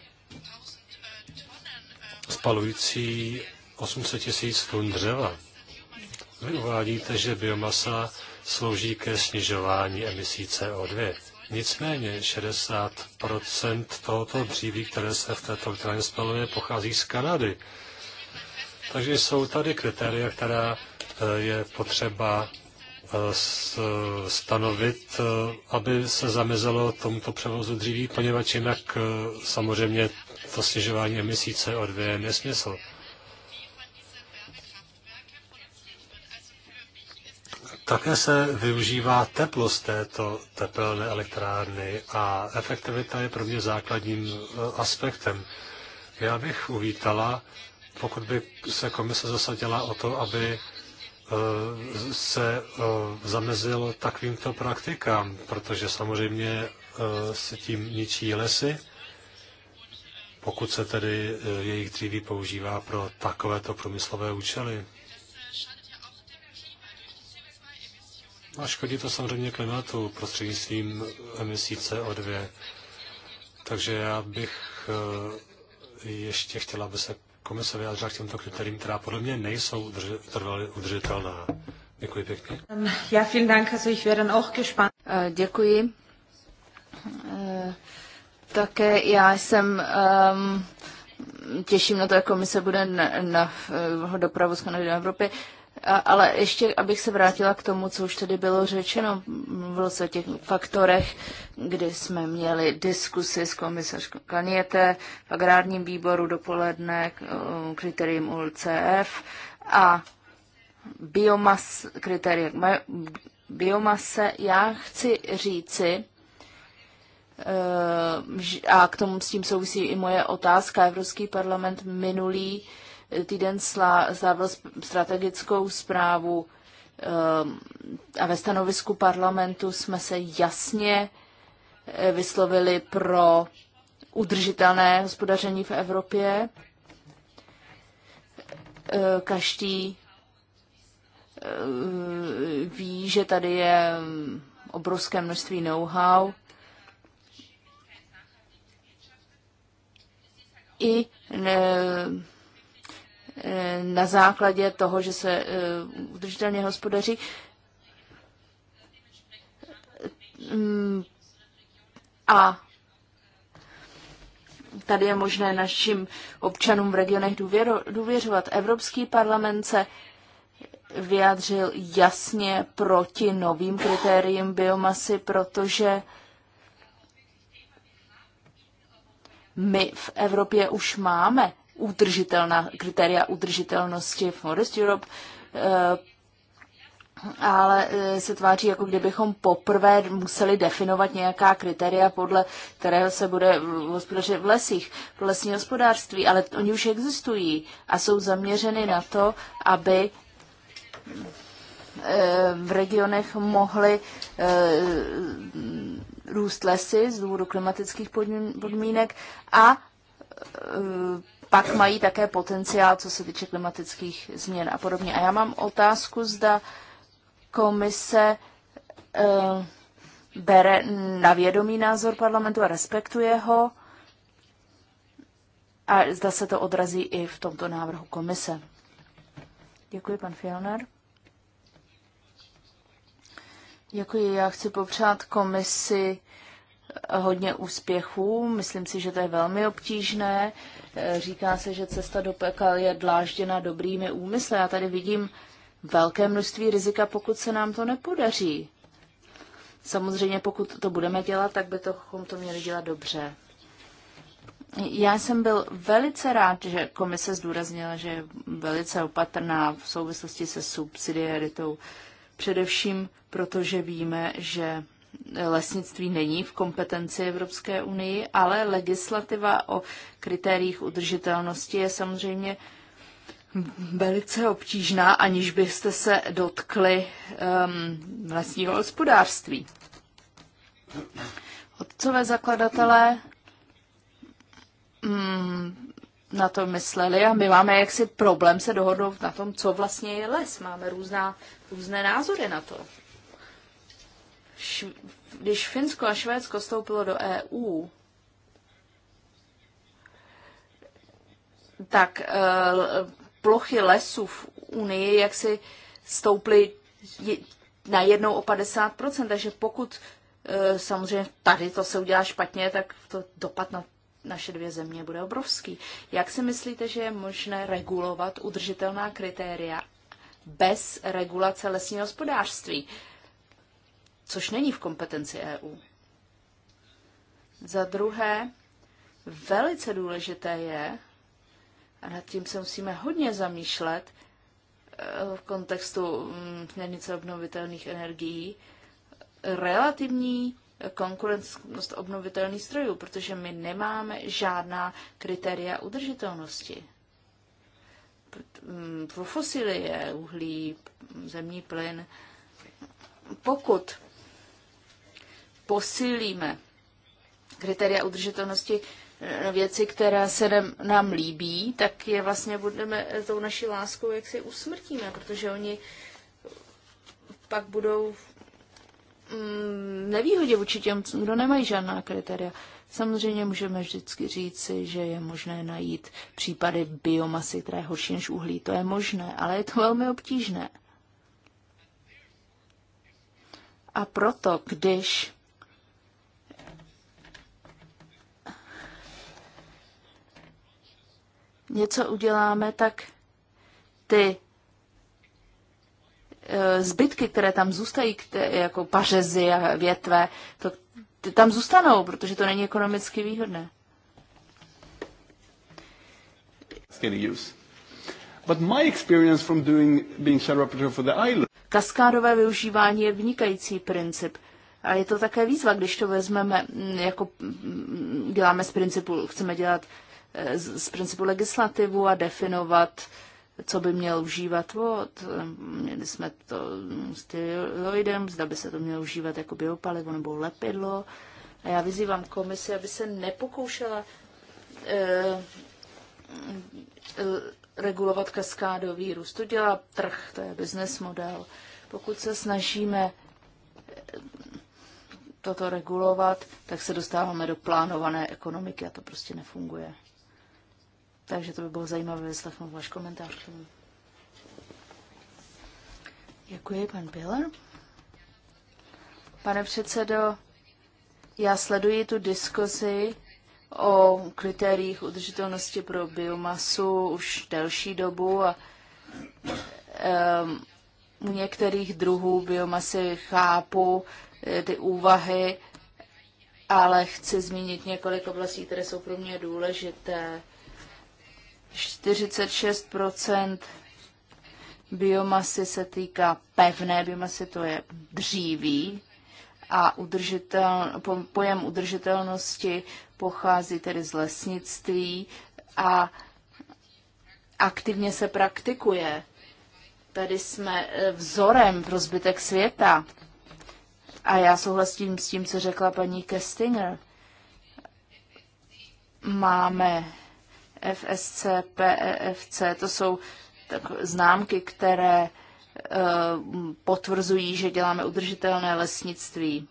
spalující 800 tisíc tun dřeva. Vy uvádíte, že biomasa slouží ke snižování emisí CO2. Nicméně 60 tohoto dříví, které se v této elektrárně spaluje, pochází z Kanady. Takže jsou tady kritéria, která eh, je potřeba Eh, eh, stanovit, eh, aby se zamezilo tomuto převozu dříví, poněvadž jinak samozřejmě to snižování emisí CO2 je nesmysl. Také se využívá teplo z této tepelné elektrárny a efektivita je pro mě základním aspektem. Já bych uvítala, pokud by se komise zasadila o to, aby se eh, zamezil takovýmto praktikám, protože samozřejmě eh, se tím ničí lesy, pokud se tedy eh, jejich dříví používá pro takovéto průmyslové účely. A škodí to samozřejmě klimatu prostřednictvím emisí CO2. Takže já bych ještě chtěla, aby se komise vyjádřila k těmto kritériím, která podle mě nejsou trvale udržitelná. Děkuji pěkně. Já vielen Dank, also ich werde auch gespannt. Eh, děkuji. Eh, také já jsem um, těším na to, jak komise bude na, na, na dopravu z Kanady do Evropy. Uh, ale ještě, abych se vrátila k tomu, co už tady bylo řečeno, mluvilo se o těch faktorech, kdy jsme měli diskusy s komisařkou Kaněte v agrárním výboru dopoledne k kritériím ULCF a biomas, kritérie, biomase. Já chci říci, e, a k tomu s tím souvisí i moje otázka, Evropský parlament minulý týden slávil strategickou zprávu ehm, a ve stanovisku parlamentu jsme se jasně eh, vyslovili pro udržitelné hospodaření v Evropě. Eh, každý eh, ví, že tady je mm, obrovské množství know-how. I Eh, na základě toho, že se eh, udržitelně hospodaří. Mm, a tady je možné našim občanům v regionech důvěřovat. Evropský parlament se vyjádřil jasně proti novým kritériím biomasy, protože my v Evropě už máme udržitelná, kritéria udržitelnosti Forest Europe, eh, ale eh, se tváří, jako kdybychom poprvé museli definovat nějaká kritéria, podle kterého se bude hospodařit v lesích, v lesní hospodářství, ale oni už existují a jsou zaměřeny na to, aby eh, v regionech mohly růst lesy z důvodu klimatických podmínek a pak mají také potenciál, co se týče klimatických změn a podobně. A já mám otázku, zda komise uh, bere na vědomý názor parlamentu a respektuje ho a zda se to odrazí i v tomto návrhu komise. Děkuji, pan Fioner. Děkuji, já chci popřát komisi hodně úspěchů. Myslím si, že to je velmi obtížné. Eh, říká se, že cesta do pekel je dlážděna dobrými úmysly. Já tady vidím velké množství rizika, pokud se nám to nepodaří. Samozřejmě, pokud to budeme dělat, tak by to, to měli dělat dobře. Já jsem byl velice rád, že komise zdůraznila, že je velice opatrná v souvislosti se subsidiaritou. Především protože víme, že lesnictví není v kompetenci Evropské unii, ale legislativa o kritériích udržitelnosti je samozřejmě velice obtížná, aniž byste se dotkli um, lesního hospodářství. Otcové zakladatelé um, na to mysleli a my máme jaksi problém se dohodnout na tom, co vlastně je les. Máme různá, různé názory na to když Finsko a Švédsko vstoupilo do EU, tak eh, plochy lesů v Unii jaksi stouply na jednou o 50%, takže pokud eh, samozřejmě tady to se udělá špatně, tak to dopad na naše dvě země bude obrovský. Jak si myslíte, že je možné regulovat udržitelná kritéria bez regulace lesního hospodářství? což není v kompetenci EU. Za druhé, velice důležité je, a nad tím se musíme hodně zamýšlet eh, v kontextu mm, směrnice obnovitelných energií, relativní konkurenceschopnost obnovitelných strojů, protože my nemáme žádná kritéria udržitelnosti. Mm, pro fosilie, uhlí, zemní plyn, pokud posílíme kritéria udržitelnosti eh, věci, která se nám líbí, tak je vlastně budeme eh, tou naší láskou, jak si usmrtíme, protože oni pak budou mm, nevýhodě vůči těm, kdo nemají žádná kritéria. Samozřejmě můžeme vždycky říci, že je možné najít případy biomasy, které je horší než uhlí. To je možné, ale je to velmi obtížné. A proto, když něco uděláme, tak ty e, zbytky, které tam zůstají, jako pařezy a větve, to, ty tam zůstanou, protože to není ekonomicky výhodné. Kaskádové využívání je vynikající princip. A je to také výzva, když to vezmeme, mm, jako mm, děláme z principu, chceme dělat z principu legislativu a definovat, co by měl užívat vod. Měli jsme to s tyloidem, zda by se to mělo užívat jako biopalivo nebo lepidlo. A já vyzývám komisi, aby se nepokoušela eh, eh regulovat kaskádový růst. To dělá trh, to je business model. Pokud se snažíme eh, toto regulovat, tak se dostáváme do plánované ekonomiky a to prostě nefunguje. Takže to by bylo zajímavé vyslechnout váš komentář. Děkuji, pan Biller. Pane předsedo, já sleduji tu diskuzi o kritériích udržitelnosti pro biomasu už delší dobu a um, u některých druhů biomasy chápu eh, ty úvahy, ale chci zmínit několik oblastí, které jsou pro mě důležité. 46 biomasy se týká pevné biomasy, to je dříví, a udržitel, pojem udržitelnosti pochází tedy z lesnictví a aktivně se praktikuje. Tady jsme e, vzorem pro zbytek světa. A já souhlasím s tím, co řekla paní Kestinger. Máme FSC, PEFC, to jsou tak, známky, které eh, potvrzují, že děláme udržitelné lesnictví.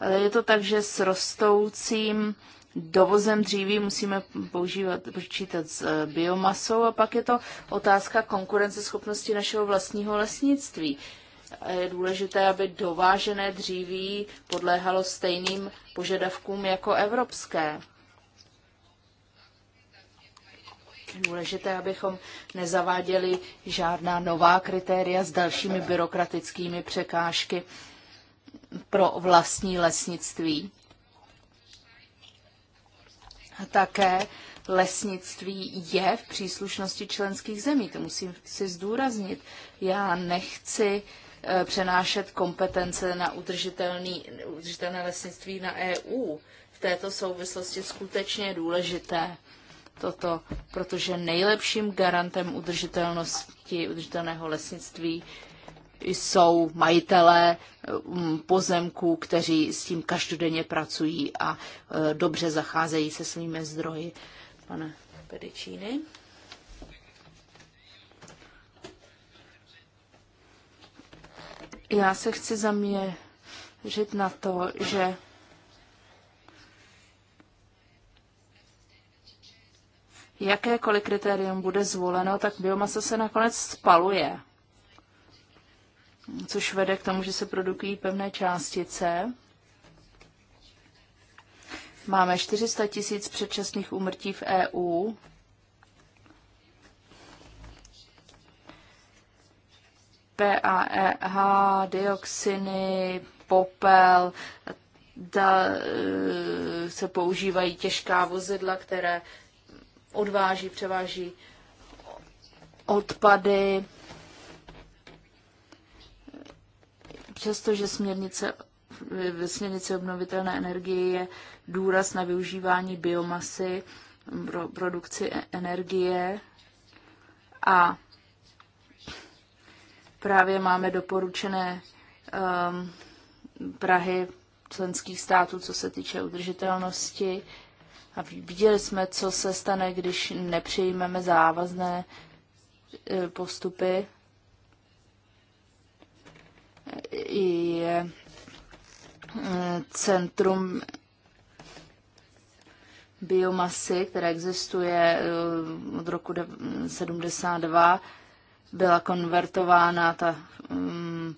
Ale je to tak, že s rostoucím dovozem dříví musíme používat, počítat s eh, biomasou a pak je to otázka konkurenceschopnosti našeho vlastního lesnictví. Je důležité, aby dovážené dříví podléhalo stejným požadavkům jako evropské. důležité, abychom nezaváděli žádná nová kritéria s dalšími byrokratickými překážky pro vlastní lesnictví. A také lesnictví je v příslušnosti členských zemí. To musím si zdůraznit. Já nechci eh, přenášet kompetence na udržitelný, udržitelné lesnictví na EU. V této souvislosti skutečně je důležité toto, protože nejlepším garantem udržitelnosti, udržitelného lesnictví jsou majitelé um, pozemků, kteří s tím každodenně pracují a uh, dobře zacházejí se svými zdroji. Pane Pedičíny. Já se chci zaměřit na to, že jakékoliv kritérium bude zvoleno, tak biomasa se nakonec spaluje, což vede k tomu, že se produkují pevné částice. Máme 400 tisíc předčasných úmrtí v EU. PAEH, dioxiny, popel, da, e, se používají těžká vozidla, které odváží, převáží odpady. Přestože směrnice ve směrnici obnovitelné energie je důraz na využívání biomasy pro produkci energie a právě máme doporučené um, Prahy členských států, co se týče udržitelnosti. A viděli jsme, co se stane, když nepřijmeme závazné e, postupy. I e, centrum biomasy, které existuje e, od roku 72, byla konvertována ta mm,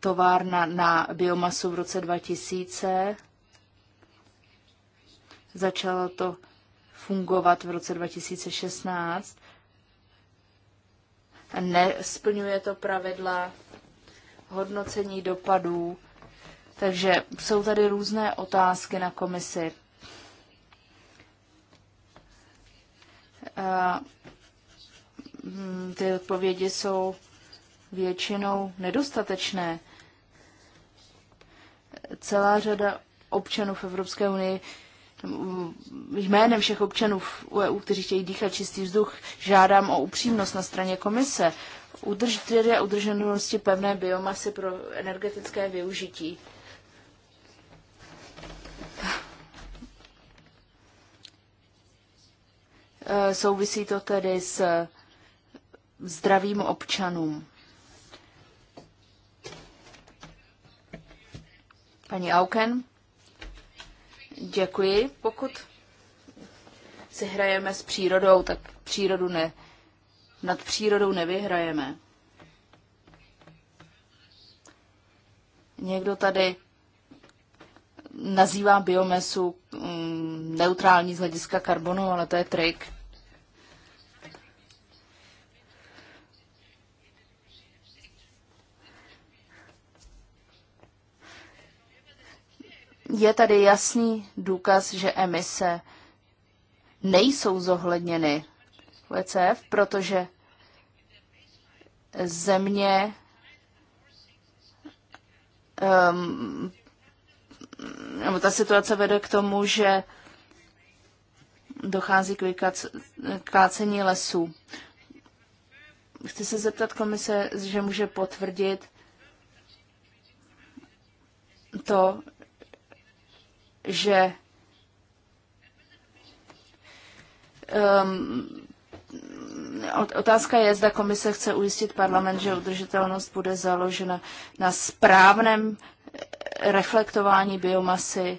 továrna na biomasu v roce 2000 Začalo to fungovat v roce 2016 a nesplňuje to pravidla hodnocení dopadů. Takže jsou tady různé otázky na komisi. A mm, ty odpovědi jsou většinou nedostatečné. Celá řada občanů v Evropské unii Hm, jménem všech občanů v EU, e kteří chtějí dýchat čistý vzduch, žádám o upřímnost na straně komise. a udrženosti pevné biomasy pro energetické využití. Eh, souvisí to tedy s eh, zdravým občanům. Paní Auken? Děkuji. Pokud si hrajeme s přírodou, tak přírodu ne, nad přírodou nevyhrajeme. Někdo tady nazývá biomesu um, neutrální z hlediska karbonu, ale to je trik. je tady jasný důkaz, že emise nejsou zohledněny v ECF, protože země um, nebo ta situace vede k tomu, že dochází k vykácení lesů. Chci se zeptat komise, že může potvrdit to, že um, otázka je, zda komise chce ujistit parlament, že udržitelnost bude založena na správném reflektování biomasy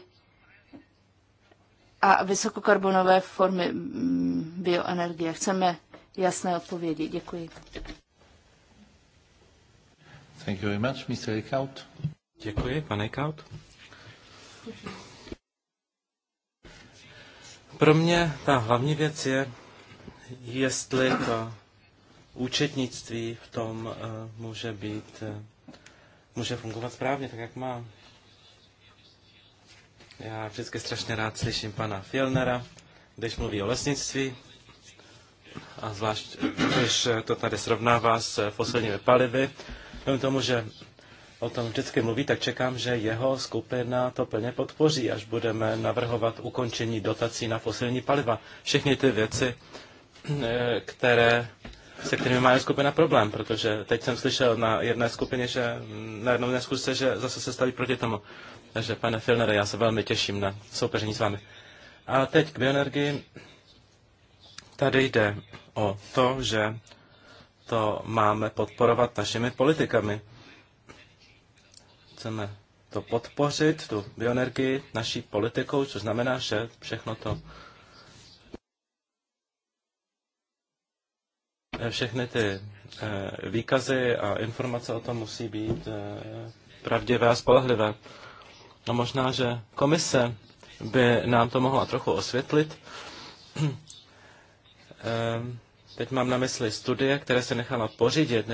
a vysokokarbonové formy mm, bioenergie. Chceme jasné odpovědi. Děkuji. Thank you very much, Mr. Eichhout. Děkuji, pane Eichhout. Pro mě ta hlavní věc je, jestli to účetnictví v tom eh, může být, eh, může fungovat správně, tak jak má. Já vždycky strašně rád slyším pana Fielnera, když mluví o lesnictví, a zvlášť když to tady srovnává s fosilními palivy, k tomu, že o tom vždycky mluví, tak čekám, že jeho skupina to plně podpoří, až budeme navrhovat ukončení dotací na fosilní paliva. Všechny ty věci, eh, které, se kterými má skupina problém, protože teď jsem slyšel na jedné skupině, že na jednom neskuste, že zase se staví proti tomu. Takže pane Filnere, já se velmi těším na soupeření s vámi. A teď k bioenergii. Tady jde o to, že to máme podporovat našimi politikami chceme to podpořit, tu bioenergii, naší politikou, což znamená, že všechno to všechny ty eh, výkazy a informace o tom musí být eh, pravdivé a spolehlivé. No možná, že komise by nám to mohla trochu osvětlit. Ehm, teď mám na mysli studie, které se nechala pořídit,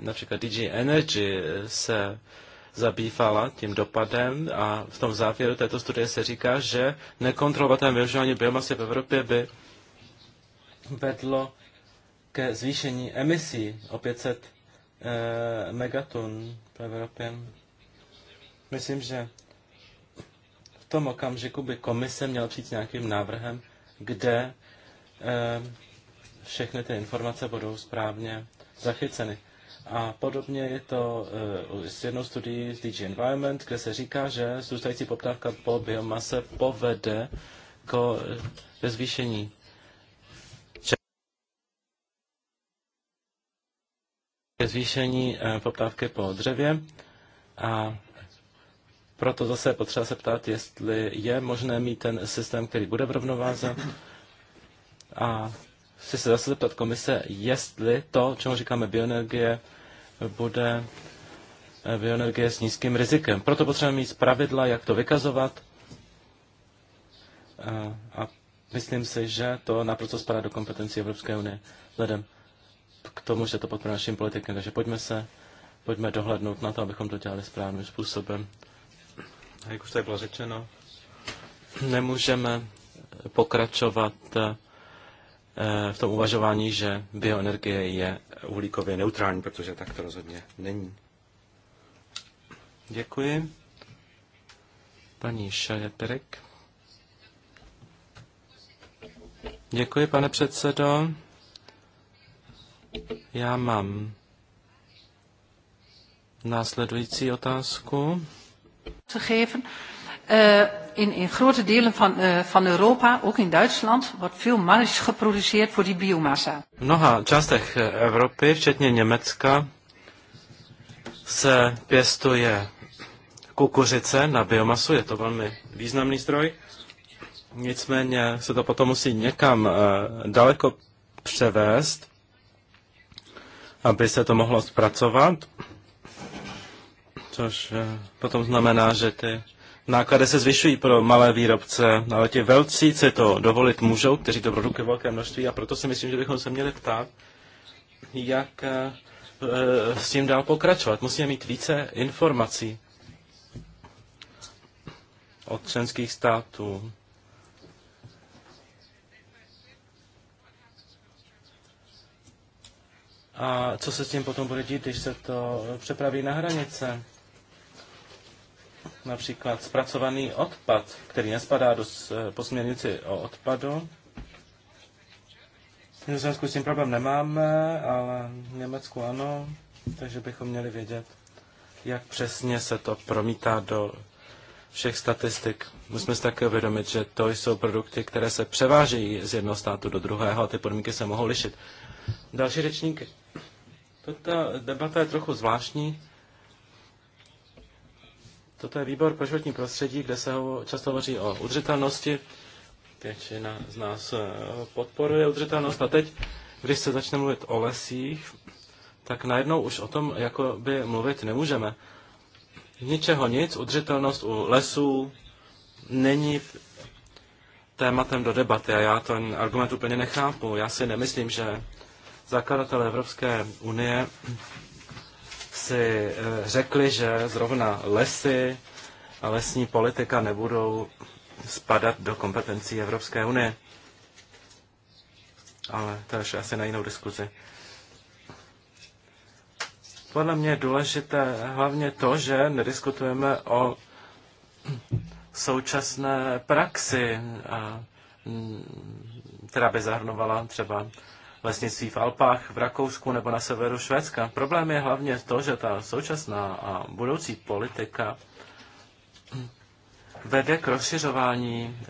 například DG Energy se zabývala tím dopadem a v tom závěru této studie se říká, že nekontrolovatelné využívání biomasy v Evropě by vedlo ke zvýšení emisí o 500 eh, megatun v Evropě. Myslím, že v tom okamžiku by komise měla přijít s nějakým návrhem, kde eh, všechny ty informace budou správně zachyceny. A podobně je to eh, s jednou studií z DG Environment, kde se říká, že zůstající poptávka po biomase povede eh, ke zvýšení ke zvýšení eh, poptávky po dřevě a proto zase je potřeba se ptát, jestli je možné mít ten systém, který bude v rovnováze a chci se zase zeptat komise, jestli to, čemu říkáme bioenergie, bude bioenergie eh, s nízkým rizikem. Proto potřebujeme mít pravidla, jak to vykazovat. Eh, a myslím si, že to naprosto spadá do kompetencí Evropské unie vzhledem k tomu, že to podporuje našim politikem. Takže pojďme se, pojďme dohlednout na to, abychom to dělali správným způsobem. A jak už tady bylo řečeno, nemůžeme pokračovat eh, v tom uvažování, že bioenergie je uhlíkově neutrální, protože tak to rozhodně není. Děkuji. Paní Šajaterek. Děkuji, pane předsedo. Já mám následující otázku. Te geven Uh, in, in grote delen van, uh, van Europa, ook in Duitsland, wordt veel mais geproduceerd voor die biomassa. mnoha částech eh, Evropy, včetně Německa, se pěstuje kukuřice na biomasu, je to velmi významný zdroj. Nicméně se to potom musí někam uh, daleko převést, aby se to mohlo zpracovat, což potom znamená, že ty náklady se zvyšují pro malé výrobce, ale ti velcí se to dovolit můžou, kteří to produkují velké množství a proto si myslím, že bychom se měli ptát, jak eh, eh, s tím dál pokračovat. Musíme mít více informací od členských států. A co se s tím potom bude dít, když se to přepraví na hranice? například zpracovaný odpad, který nespadá do eh, posměrnici o odpadu. V Nizozemsku s tím problém nemáme, ale v Německu ano, takže bychom měli vědět, jak přesně se to promítá do všech statistik. Musíme si také uvědomit, že to jsou produkty, které se převážejí z jednoho státu do druhého a ty podmínky se mohou lišit. Další řečníky. Tato debata je trochu zvláštní Toto je výbor pro životní prostředí, kde se často hovoří o udržitelnosti. Většina z nás eh, podporuje udržitelnost. A teď, když se začne mluvit o lesích, tak najednou už o tom jako by mluvit nemůžeme. Ničeho nic, udržitelnost u lesů není tématem do debaty a já ten argument úplně nechápu. Já si nemyslím, že zakladatelé Evropské unie si eh, řekli, že zrovna lesy a lesní politika nebudou spadat do kompetencí Evropské unie. Ale to je asi na jinou diskuzi. Podle mě je důležité hlavně to, že nediskutujeme o současné praxi, která by zahrnovala třeba lesnictví v Alpách, v Rakousku nebo na severu Švédska. Problém je hlavně to, že ta současná a budoucí politika vede k rozšiřování, eh,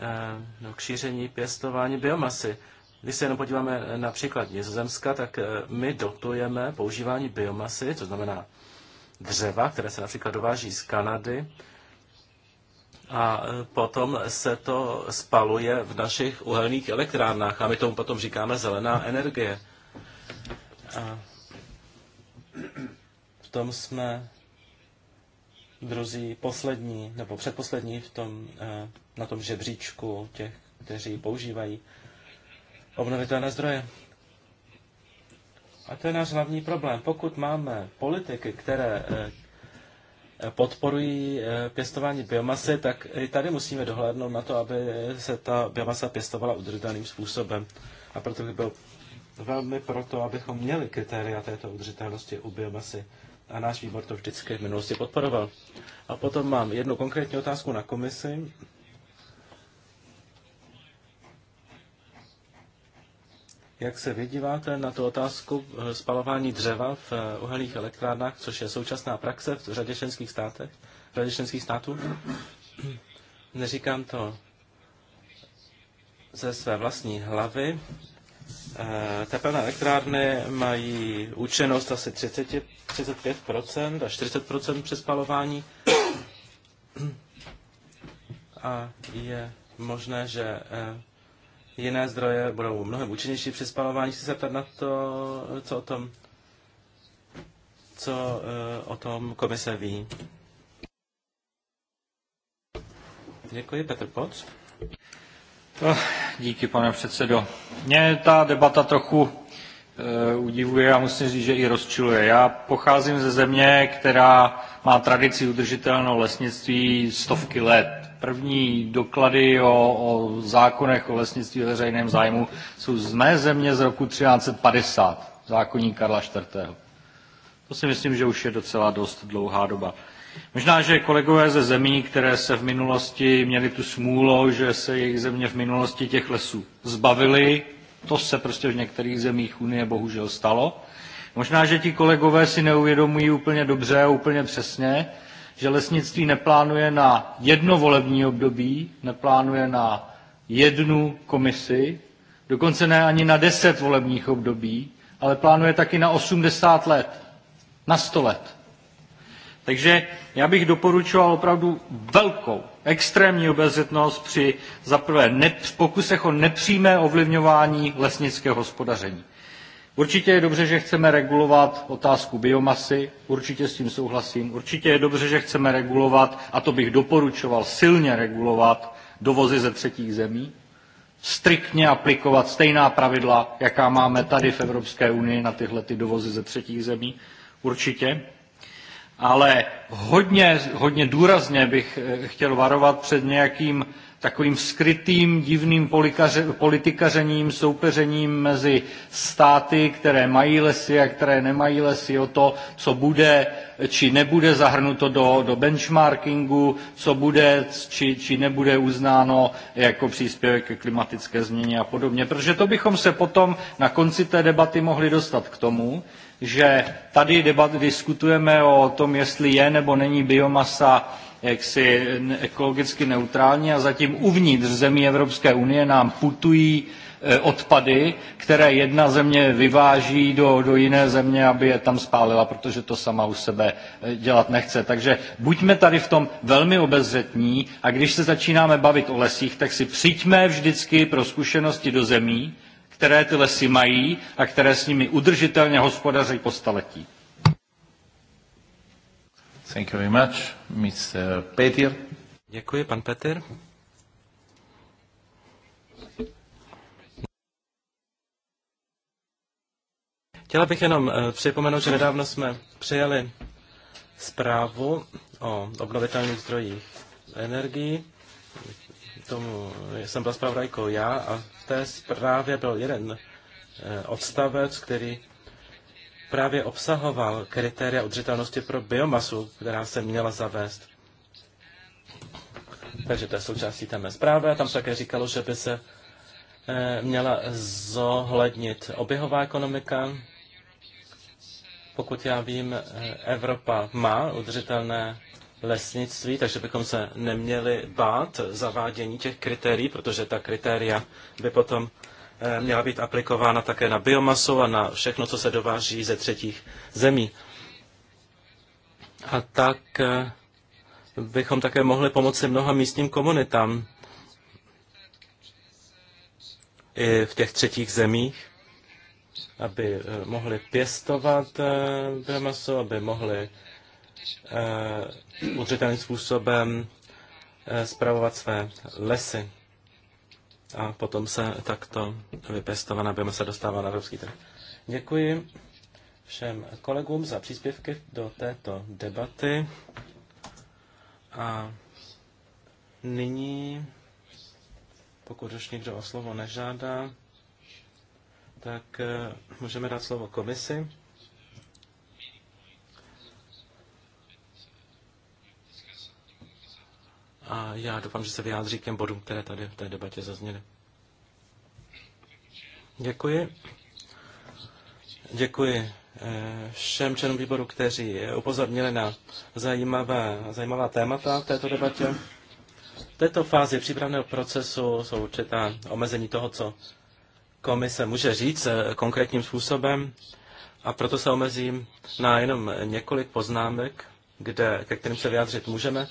no, k šíření pěstování biomasy. Když se jenom podíváme eh, na příklad Nizozemska, tak eh, my dotujeme používání biomasy, to znamená dřeva, které se například dováží z Kanady, a potom se to spaluje v našich uhelných elektrárnách a my tomu potom říkáme zelená energie. A v tom jsme druzí poslední nebo předposlední v tom, eh, na tom žebříčku těch, kteří používají obnovitelné zdroje. A to je náš hlavní problém. Pokud máme politiky, které eh, podporují eh, pěstování biomasy, tak i tady musíme dohlédnout na to, aby se ta biomasa pěstovala udržitelným způsobem. A proto bych byl velmi proto, abychom měli kritéria této udržitelnosti u biomasy. A náš výbor to vždycky v minulosti podporoval. A potom mám jednu konkrétní otázku na komisi. Jak se vydíváte na tu otázku eh, spalování dřeva v eh, uhelných elektrárnách, což je současná praxe v řadě členských, státech, v řadě členských států? Neříkám to ze své vlastní hlavy. Eh, tepelné elektrárny mají účinnost asi 30, 35% až 40% při spalování. A je možné, že jiné zdroje budou mnohem účinnější při spalování. Chci se zeptat na to, co o tom, co eh, o tom komise ví. Děkuji, Petr Poc. Eh, díky, pane předsedo. Mě ta debata trochu Eh, udivuje a musím říct, že i rozčiluje. Já pocházím ze země, která má tradici udržitelného lesnictví stovky let. První doklady o, o zákonech o lesnictví ve veřejném zájmu jsou z mé země z roku 1350, zákoní Karla IV. To si myslím, že už je docela dost dlouhá doba. Možná, že kolegové ze zemí, které se v minulosti měli tu smůlu, že se jejich země v minulosti těch lesů zbavili, to se prostě v některých zemích Unie bohužel stalo. Možná, že ti kolegové si neuvědomují úplně dobře a úplně přesně, že lesnictví neplánuje na jedno volební období, neplánuje na jednu komisi, dokonce ne ani na deset volebních období, ale plánuje taky na 80 let, na 100 let. Takže já bych doporučoval opravdu velkou, extrémní obezřetnost při zaprvé ne, pokusech o nepřímé ovlivňování lesnického hospodaření. Určitě je dobře, že chceme regulovat otázku biomasy, určitě s tím souhlasím. Určitě je dobře, že chceme regulovat, a to bych doporučoval silně regulovat, dovozy ze třetích zemí, striktně aplikovat stejná pravidla, jaká máme tady v Evropské unii na tyhle ty dovozy ze třetích zemí, určitě ale hodně, hodně důrazně bych eh, chtěl varovat před nějakým takovým skrytým, divným politikařením, soupeřením mezi státy, které mají lesy a které nemají lesy o to, co bude či nebude zahrnuto do, do benchmarkingu, co bude či, či nebude uznáno jako příspěvek ke klimatické změně a podobně. Protože to bychom se potom na konci té debaty mohli dostat k tomu, že tady debat diskutujeme o tom, jestli je nebo není biomasa jaksi ekologicky neutrální a zatím uvnitř zemí Evropské unie nám putují e, odpady, které jedna země vyváží do, do jiné země, aby je tam spálila, protože to sama u sebe e, dělat nechce. Takže buďme tady v tom velmi obezřetní a když se začínáme bavit o lesích, tak si přijďme vždycky pro zkušenosti do zemí, které ty lesy mají a které s nimi udržitelně hospodaří po staletí. Thank you very much. Miss Petir. Děkuji, pan Petr. Chtěla bych jenom eh, připomenout, že nedávno jsme přijali zprávu o obnovitelných zdrojích energii tomu jsem byl zpravodajkou já a v té zprávě byl jeden eh, odstavec, který právě obsahoval kritéria udržitelnosti pro biomasu, která se měla zavést. Takže to je součástí té mé zprávy. A tam se také říkalo, že by se eh, měla zohlednit oběhová ekonomika. Pokud já vím, eh, Evropa má udržitelné lesnictví, takže bychom se neměli bát zavádění těch kritérií, protože ta kritéria by potom eh, měla být aplikována také na biomasu a na všechno, co se dováží ze třetích zemí. A tak eh, bychom také mohli pomoci mnoha místním komunitám i v těch třetích zemích, aby eh, mohli pěstovat biomasu, aby mohli Eh, udržitelným způsobem eh, spravovat své lesy. A potom se takto vypěstovaná biomasa dostává na evropský trh. Děkuji všem kolegům za příspěvky do této debaty. A nyní, pokud už nikdo o slovo nežádá, tak eh, můžeme dát slovo komisi. a já doufám, že se vyjádří k těm bodům, které tady v té debatě zazněly. Děkuji. Děkuji eh, všem členům výboru, kteří upozornili na zajímavé, zajímavá témata v této debatě. V této fázi přípravného procesu jsou určitá omezení toho, co komise může říct eh, konkrétním způsobem a proto se omezím na jenom několik poznámek, kde, ke kterým se vyjádřit můžeme.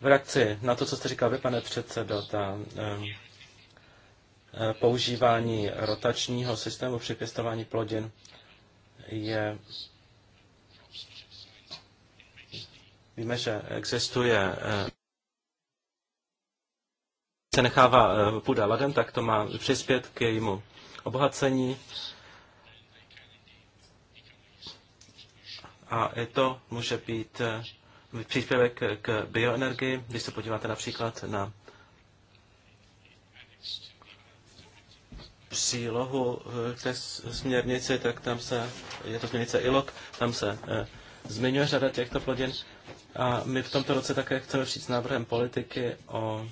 V reakci na to, co jste říkal vy, pane předsedo, ta, e, používání rotačního systému při pěstování plodin je Víme, že existuje, e, se nechává e, půda ladem, tak to má přispět k jejímu obohacení. A i to může být příspěvek k bioenergii, když se podíváte například na přílohu eh, k té směrnici, tak tam se, je to směrnice ilok, tam se eh, zmiňuje řada těchto plodin. A my v tomto roce také chceme přijít s návrhem politiky o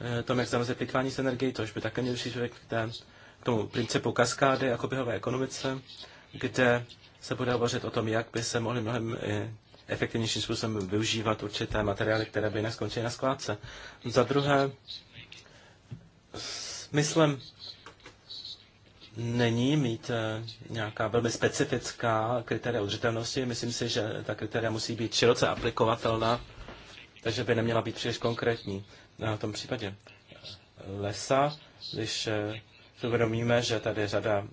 eh, tom, jak se plýtvání s energií, to už by také měl příspěvek k, té, k tomu principu kaskády a koběhové ekonomice, kde se bude hovořit o tom, jak by se mohly mnohem eh, efektivnějším způsobem využívat určité materiály, které by neskončily na skládce. Za druhé, smyslem není mít eh, nějaká velmi specifická kritéria udržitelnosti. Myslím si, že ta kritéria musí být široce aplikovatelná, takže by neměla být příliš konkrétní na tom případě. Lesa, když eh, si uvědomíme, že tady je řada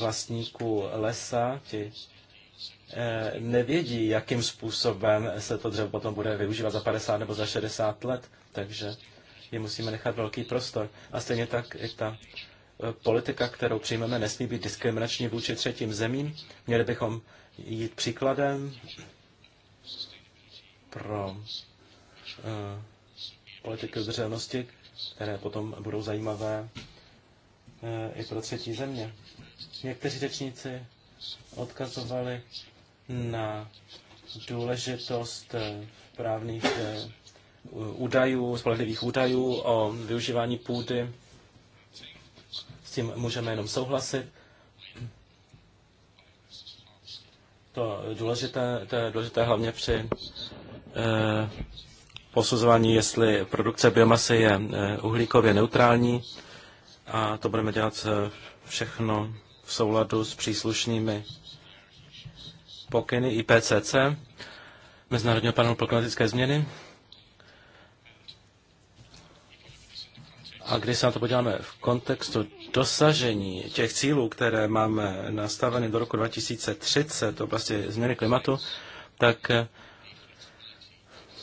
vlastníků lesa, ti Eh, nevědí, jakým způsobem se to dřevo potom bude využívat za 50 nebo za 60 let, takže je musíme nechat velký prostor. A stejně tak i ta eh, politika, kterou přijmeme, nesmí být diskriminační vůči třetím zemím. Měli bychom jít příkladem pro uh, politiky udržitelnosti, které potom budou zajímavé uh, i pro třetí země. Někteří řečníci odkazovali na důležitost eh, právních eh, údajů, spolehlivých údajů o využívání půdy. S tím můžeme jenom souhlasit. To, důležité, to je důležité hlavně při eh, posuzování, jestli produkce biomasy je eh, uhlíkově neutrální a to budeme dělat eh, všechno v souladu s příslušnými pokyny IPCC, Mezinárodního panelu pro klimatické změny. A když se na to podíváme v kontextu dosažení těch cílů, které máme nastaveny do roku 2030 v oblasti změny klimatu, tak eh,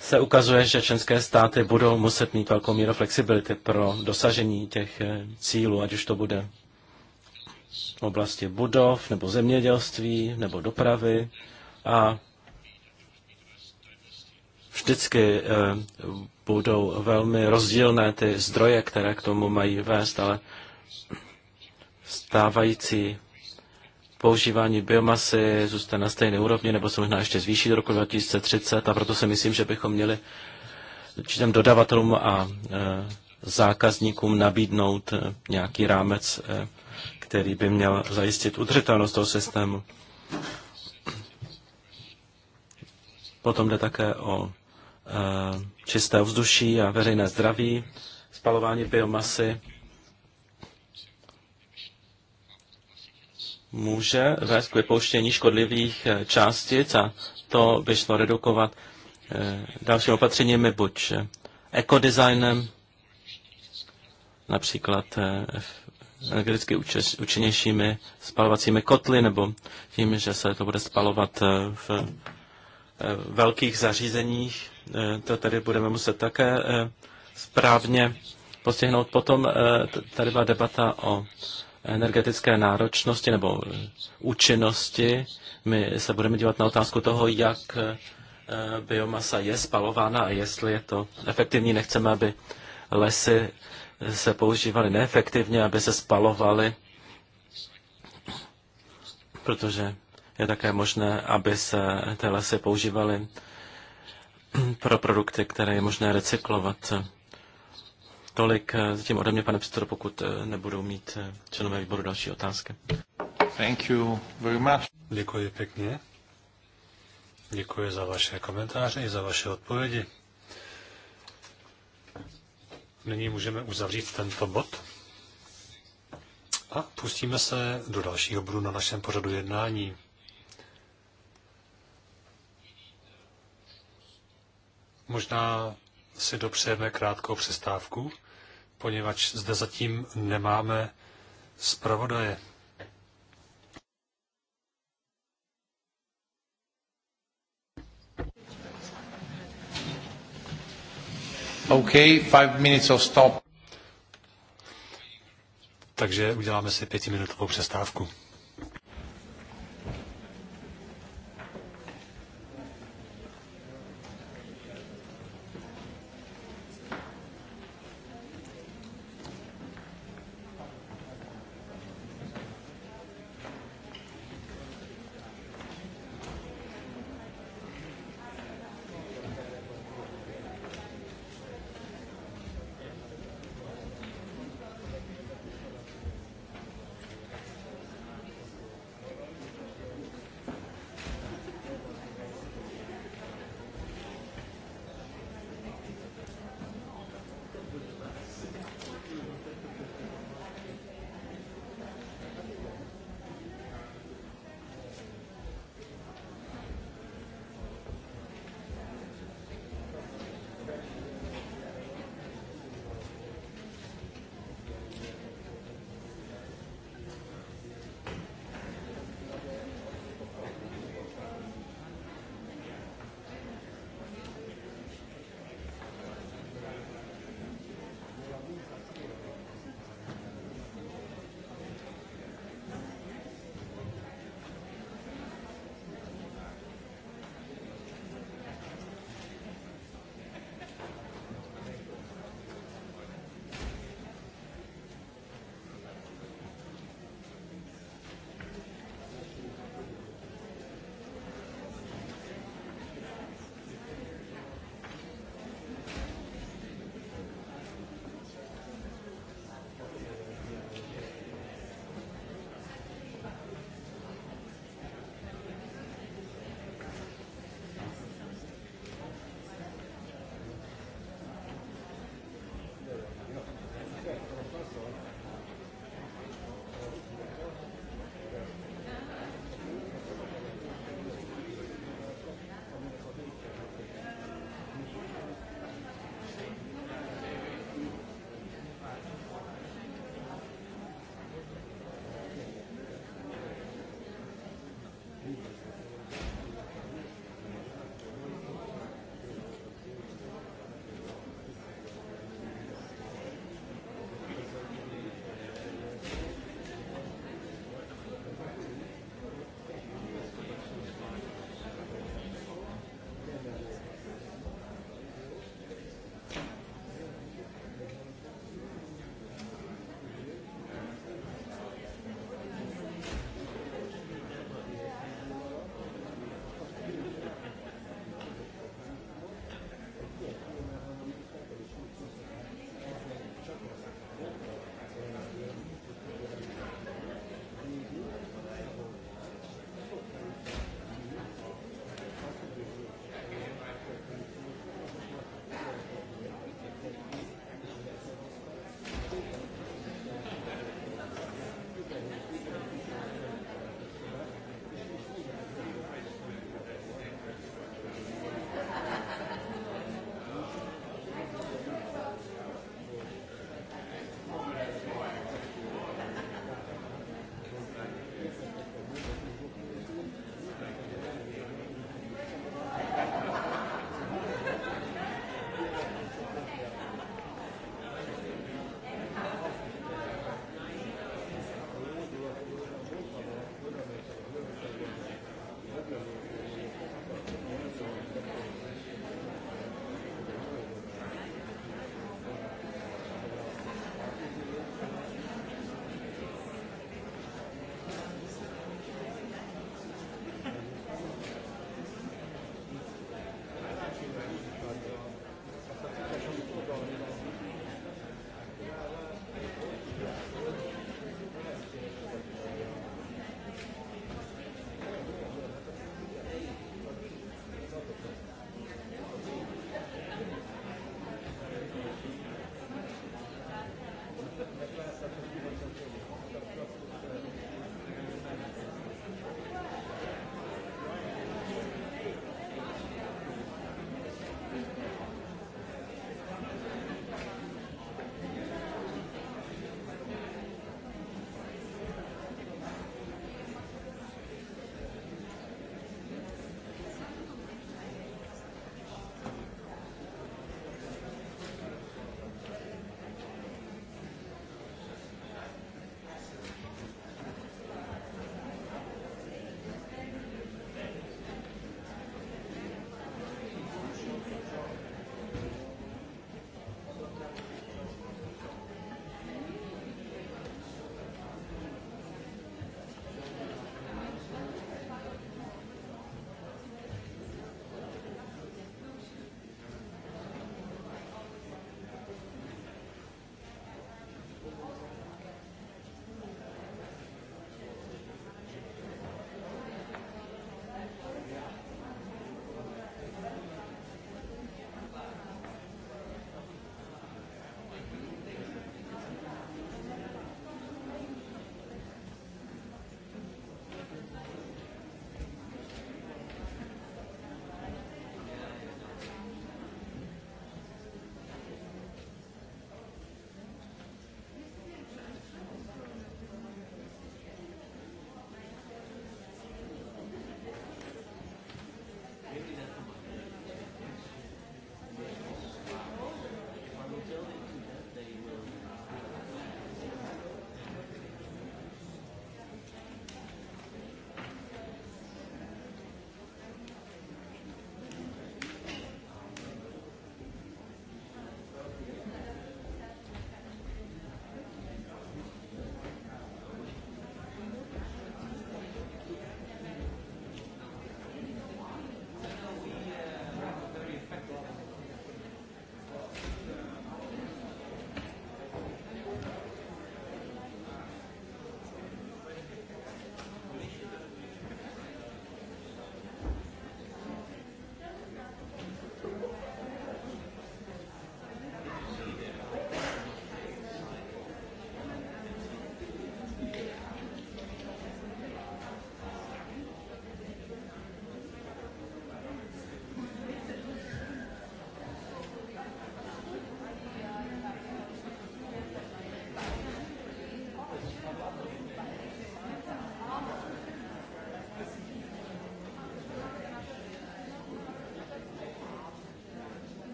se ukazuje, že členské státy budou muset mít velkou míru flexibility pro dosažení těch eh, cílů, ať už to bude v oblasti budov nebo zemědělství nebo dopravy a vždycky eh, budou velmi rozdílné ty zdroje, které k tomu mají vést, ale stávající používání biomasy zůstane na stejné úrovni nebo se možná ještě zvýší do roku 2030 a proto si myslím, že bychom měli určitým dodavatelům a eh, zákazníkům nabídnout eh, nějaký rámec který by měl zajistit udržitelnost toho systému. Potom jde také o e, čisté vzduší a veřejné zdraví, spalování biomasy může vést k vypouštění škodlivých eh, částic a to by šlo redukovat e, dalšími opatřeními, buď ekodesignem, například e, energeticky účinnějšími spalovacími kotly nebo tím, že se to bude spalovat eh, v eh, velkých zařízeních. Eh, to tady budeme muset také správně postihnout. Potom tady byla debata o energetické náročnosti nebo účinnosti. My se budeme dívat na otázku toho, jak biomasa je spalována a jestli je to efektivní. Nechceme, aby lesy se používaly neefektivně, aby se spalovaly, protože je také možné, aby se ty lesy používaly pro produkty, které je možné recyklovat. Tolik zatím ode mě, pane předsedo, pokud nebudou mít členové výboru další otázky. Thank you very much. Děkuji pěkně. Děkuji za vaše komentáře i za vaše odpovědi nyní můžeme uzavřít tento bod a pustíme se do dalšího bodu na našem pořadu jednání. Možná si dopřejeme krátkou přestávku, poněvadž zde zatím nemáme zpravodaje. Okay, five minutes of stop. Takže uděláme si pětiminutovou přestávku.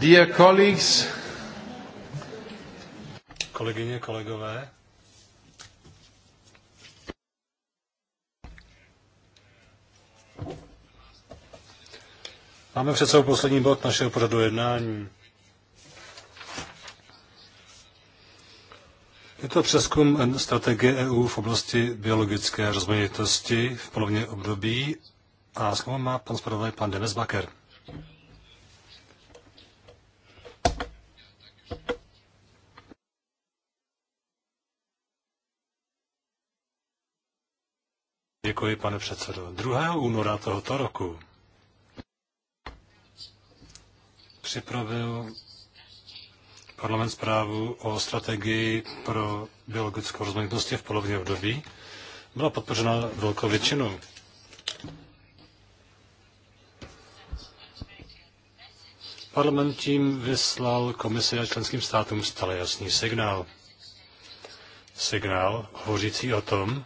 Dear colleagues, kolegyně, kolegové, Máme před sebou poslední bod našeho pořadu jednání. Je to přeskum strategie EU v oblasti biologické rozmanitosti v polovině období a slovo má pan zpravodaj pan Denis Baker. Děkuji, pane předsedo. 2. února tohoto roku připravil parlament zprávu o strategii pro biologickou rozmanitost v polovině období. Byla podpořena velkou většinou. Parlament tím vyslal komisi a členským státům stále jasný signál. Signál hovořící o tom,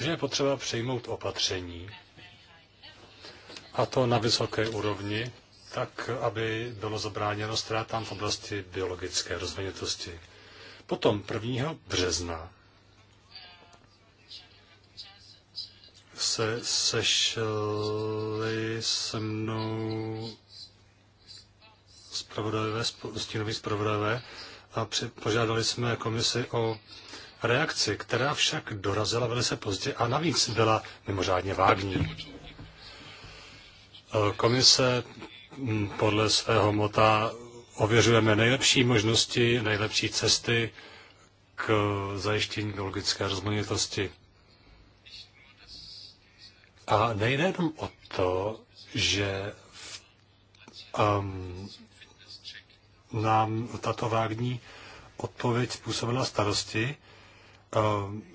že je potřeba přejmout opatření, a to na vysoké úrovni, tak, aby bylo zabráněno ztrátám v oblasti biologické rozmanitosti. Potom 1. března se sešli se mnou zpravodajové, stínoví zpravodajové a požádali jsme komisi o reakci, která však dorazila velice pozdě a navíc byla mimořádně vágní. Komise mm, podle svého mota ověřujeme nejlepší možnosti, nejlepší cesty k zajištění biologické rozmanitosti. A nejde jenom o to, že um, nám tato vágní odpověď způsobila starosti,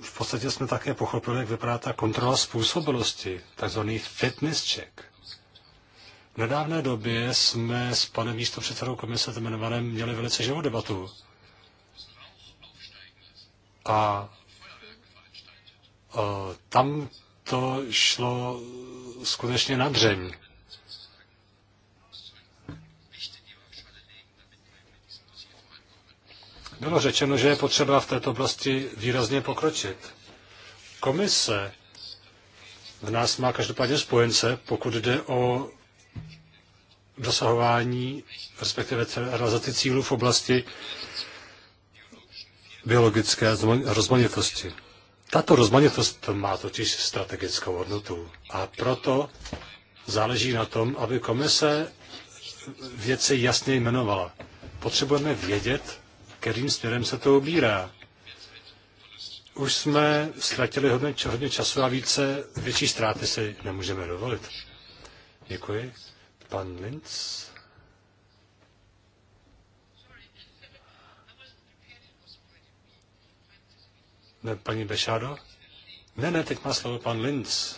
v podstatě jsme také pochopili, jak vypadá ta kontrola způsobilosti, takzvaný fitness check. V nedávné době jsme s panem místopředsedou komise jmenovaném měli velice živou debatu. A, a tam to šlo skutečně na dřeň. Bylo řečeno, že je potřeba v této oblasti výrazně pokročit. Komise v nás má každopádně spojence, pokud jde o dosahování, respektive realizaci cílů v oblasti biologické rozmanitosti. Tato rozmanitost má totiž strategickou hodnotu a proto záleží na tom, aby komise věci jasně jmenovala. Potřebujeme vědět, kterým směrem se to ubírá. Už jsme ztratili hodně, hodně času a více, větší ztráty si nemůžeme dovolit. Děkuji. Pan Linz. Ne, paní Bešádo? Ne, ne, teď má slovo pan Linz.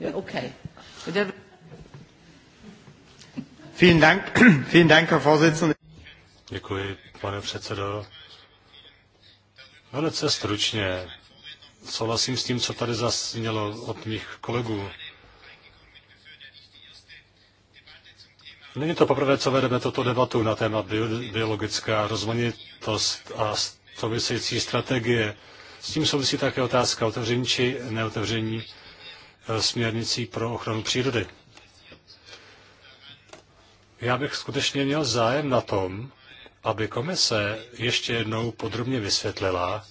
Yeah, okay. Děkuji, pane předsedo. Velice stručně. Souhlasím s tím, co tady zasnělo od mých kolegů. Není to poprvé, co vedeme toto debatu na téma biologická rozmanitost a související strategie. S tím souvisí také otázka otevření či neotevření eh, směrnicí pro ochranu přírody já bych skutečně měl zájem na tom, aby komise ještě jednou podrobně vysvětlila,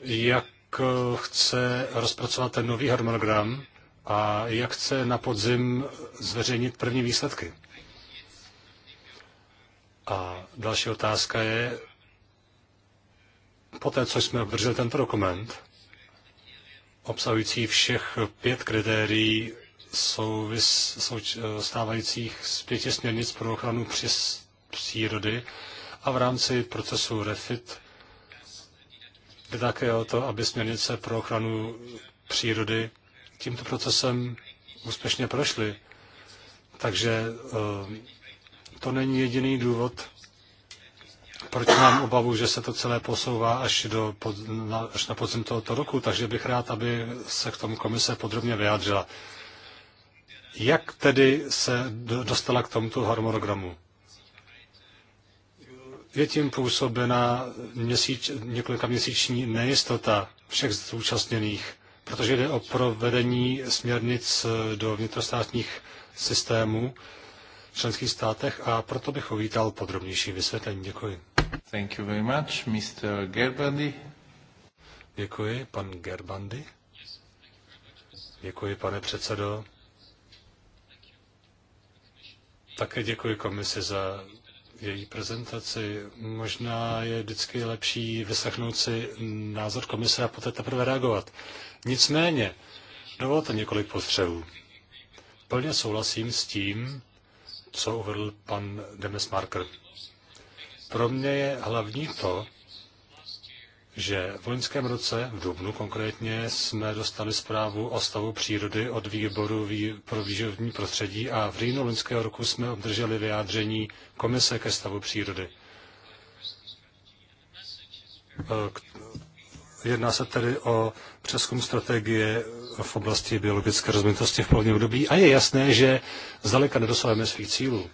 jak chce rozpracovat ten nový harmonogram a jak chce na podzim zveřejnit první výsledky. A další otázka je, po té, co jsme obdrželi tento dokument, obsahující všech pět kritérií souvis, sou, eh, stávajících z pěti směrnic pro ochranu přes přírody a v rámci procesu REFIT jde také o to, aby směrnice pro ochranu přírody tímto procesem úspěšně prošly. Takže eh, to není jediný důvod, proč mám obavu, že se to celé posouvá až, do, pod, na, až na podzim tohoto roku, takže bych rád, aby se k tomu komise podrobně vyjádřila. Jak tedy se dostala k tomuto harmonogramu? Je tím působena měsíč, několika měsíční nejistota všech zúčastněných, protože jde o provedení směrnic do vnitrostátních systémů členských státech a proto bych uvítal podrobnější vysvětlení. Děkuji. Thank you very much, Mr. Gerbandy. Děkuji, pan Gerbandy. Děkuji, pane předsedo. Také děkuji komisi za její prezentaci. Možná je vždycky lepší vyslechnout si názor komise a poté teprve reagovat. Nicméně, dovolte několik postřehů. Plně souhlasím s tím, co uvedl pan Marker. Pro mě je hlavní to, že v loňském roce, v Dubnu konkrétně, jsme dostali zprávu o stavu přírody od výboru pro výživní prostředí a v říjnu loňského roku jsme obdrželi vyjádření Komise ke stavu přírody. Jedná se tedy o přeskum strategie v oblasti biologické rozmanitosti v polovním období a je jasné, že zdaleka nedosáhneme svých cílů.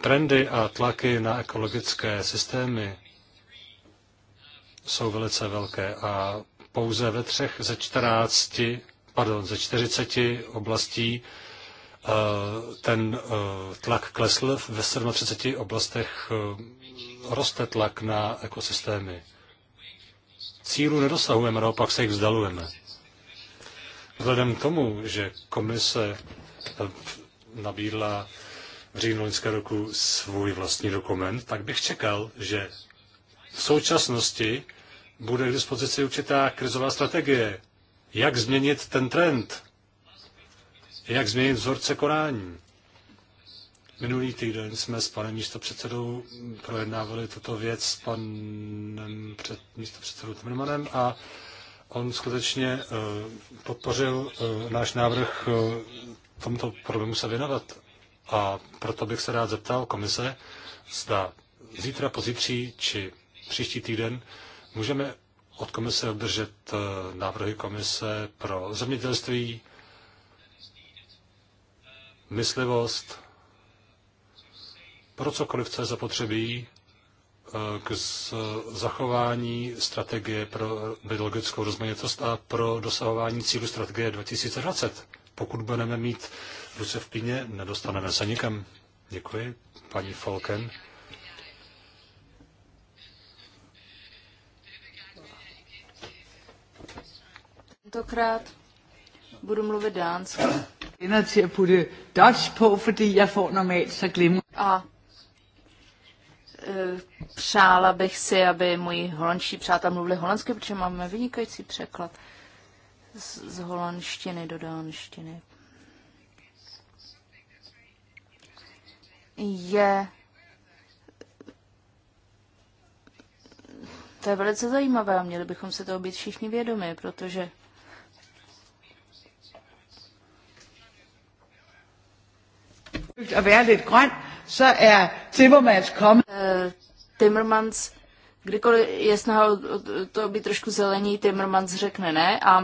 Trendy a tlaky na ekologické systémy jsou velice velké a pouze ve třech ze 14, pardon, ze 40 oblastí eh, ten eh, tlak klesl, ve 37 oblastech eh, roste tlak na ekosystémy. Cílu nedosahujeme, naopak se jich vzdalujeme. Vzhledem k tomu, že komise eh, nabídla v říjnu loňského roku svůj vlastní dokument, tak bych čekal, že v současnosti bude k dispozici určitá krizová strategie. Jak změnit ten trend? Jak změnit vzorce konání? Minulý týden jsme s panem místopředsedou projednávali tuto věc s panem před, místopředsedou Timmermanem a on skutečně eh, podpořil eh, náš návrh eh, tomuto problému se věnovat. A proto bych se rád zeptal komise, zda zítra, pozítří či příští týden můžeme od komise obdržet návrhy komise pro zemědělství, myslivost, pro cokoliv, co je zapotřebí eh, k zachování strategie pro biologickou rozmanitost a pro dosahování cílu strategie 2020. Pokud budeme mít ruce v píně, nedostaneme se nikam. Děkuji, paní Falken. Tentokrát budu mluvit dánsky. Ender til at Dutch på, fordi jeg får normalt så A Eh, přála bych si, aby moji holandští přátelé mluvili holandsky, protože máme vynikající překlad z, z holandštiny do dánštiny. Je to je velice zajímavé a měli bychom se toho být všichni vědomi, protože at være lidt grøn, så er Timmermans kommet. Uh, Timmermans kdykoliv je snaha to být trošku zelení, Timmermans řekne ne. A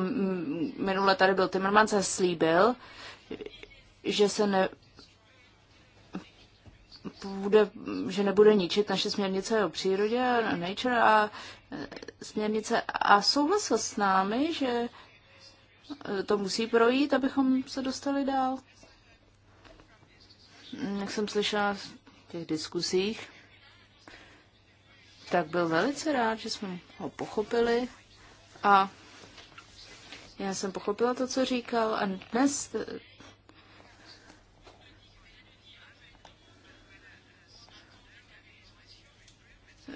minule tady byl Timmermans a slíbil, že se ne, bude, že nebude ničit naše směrnice o přírodě a nature a eh, směrnice a souhlasil s námi, že eh, to musí projít, abychom se dostali dál jak jsem slyšela v těch diskusích, tak byl velice rád, že jsme ho pochopili a já jsem pochopila to, co říkal a dnes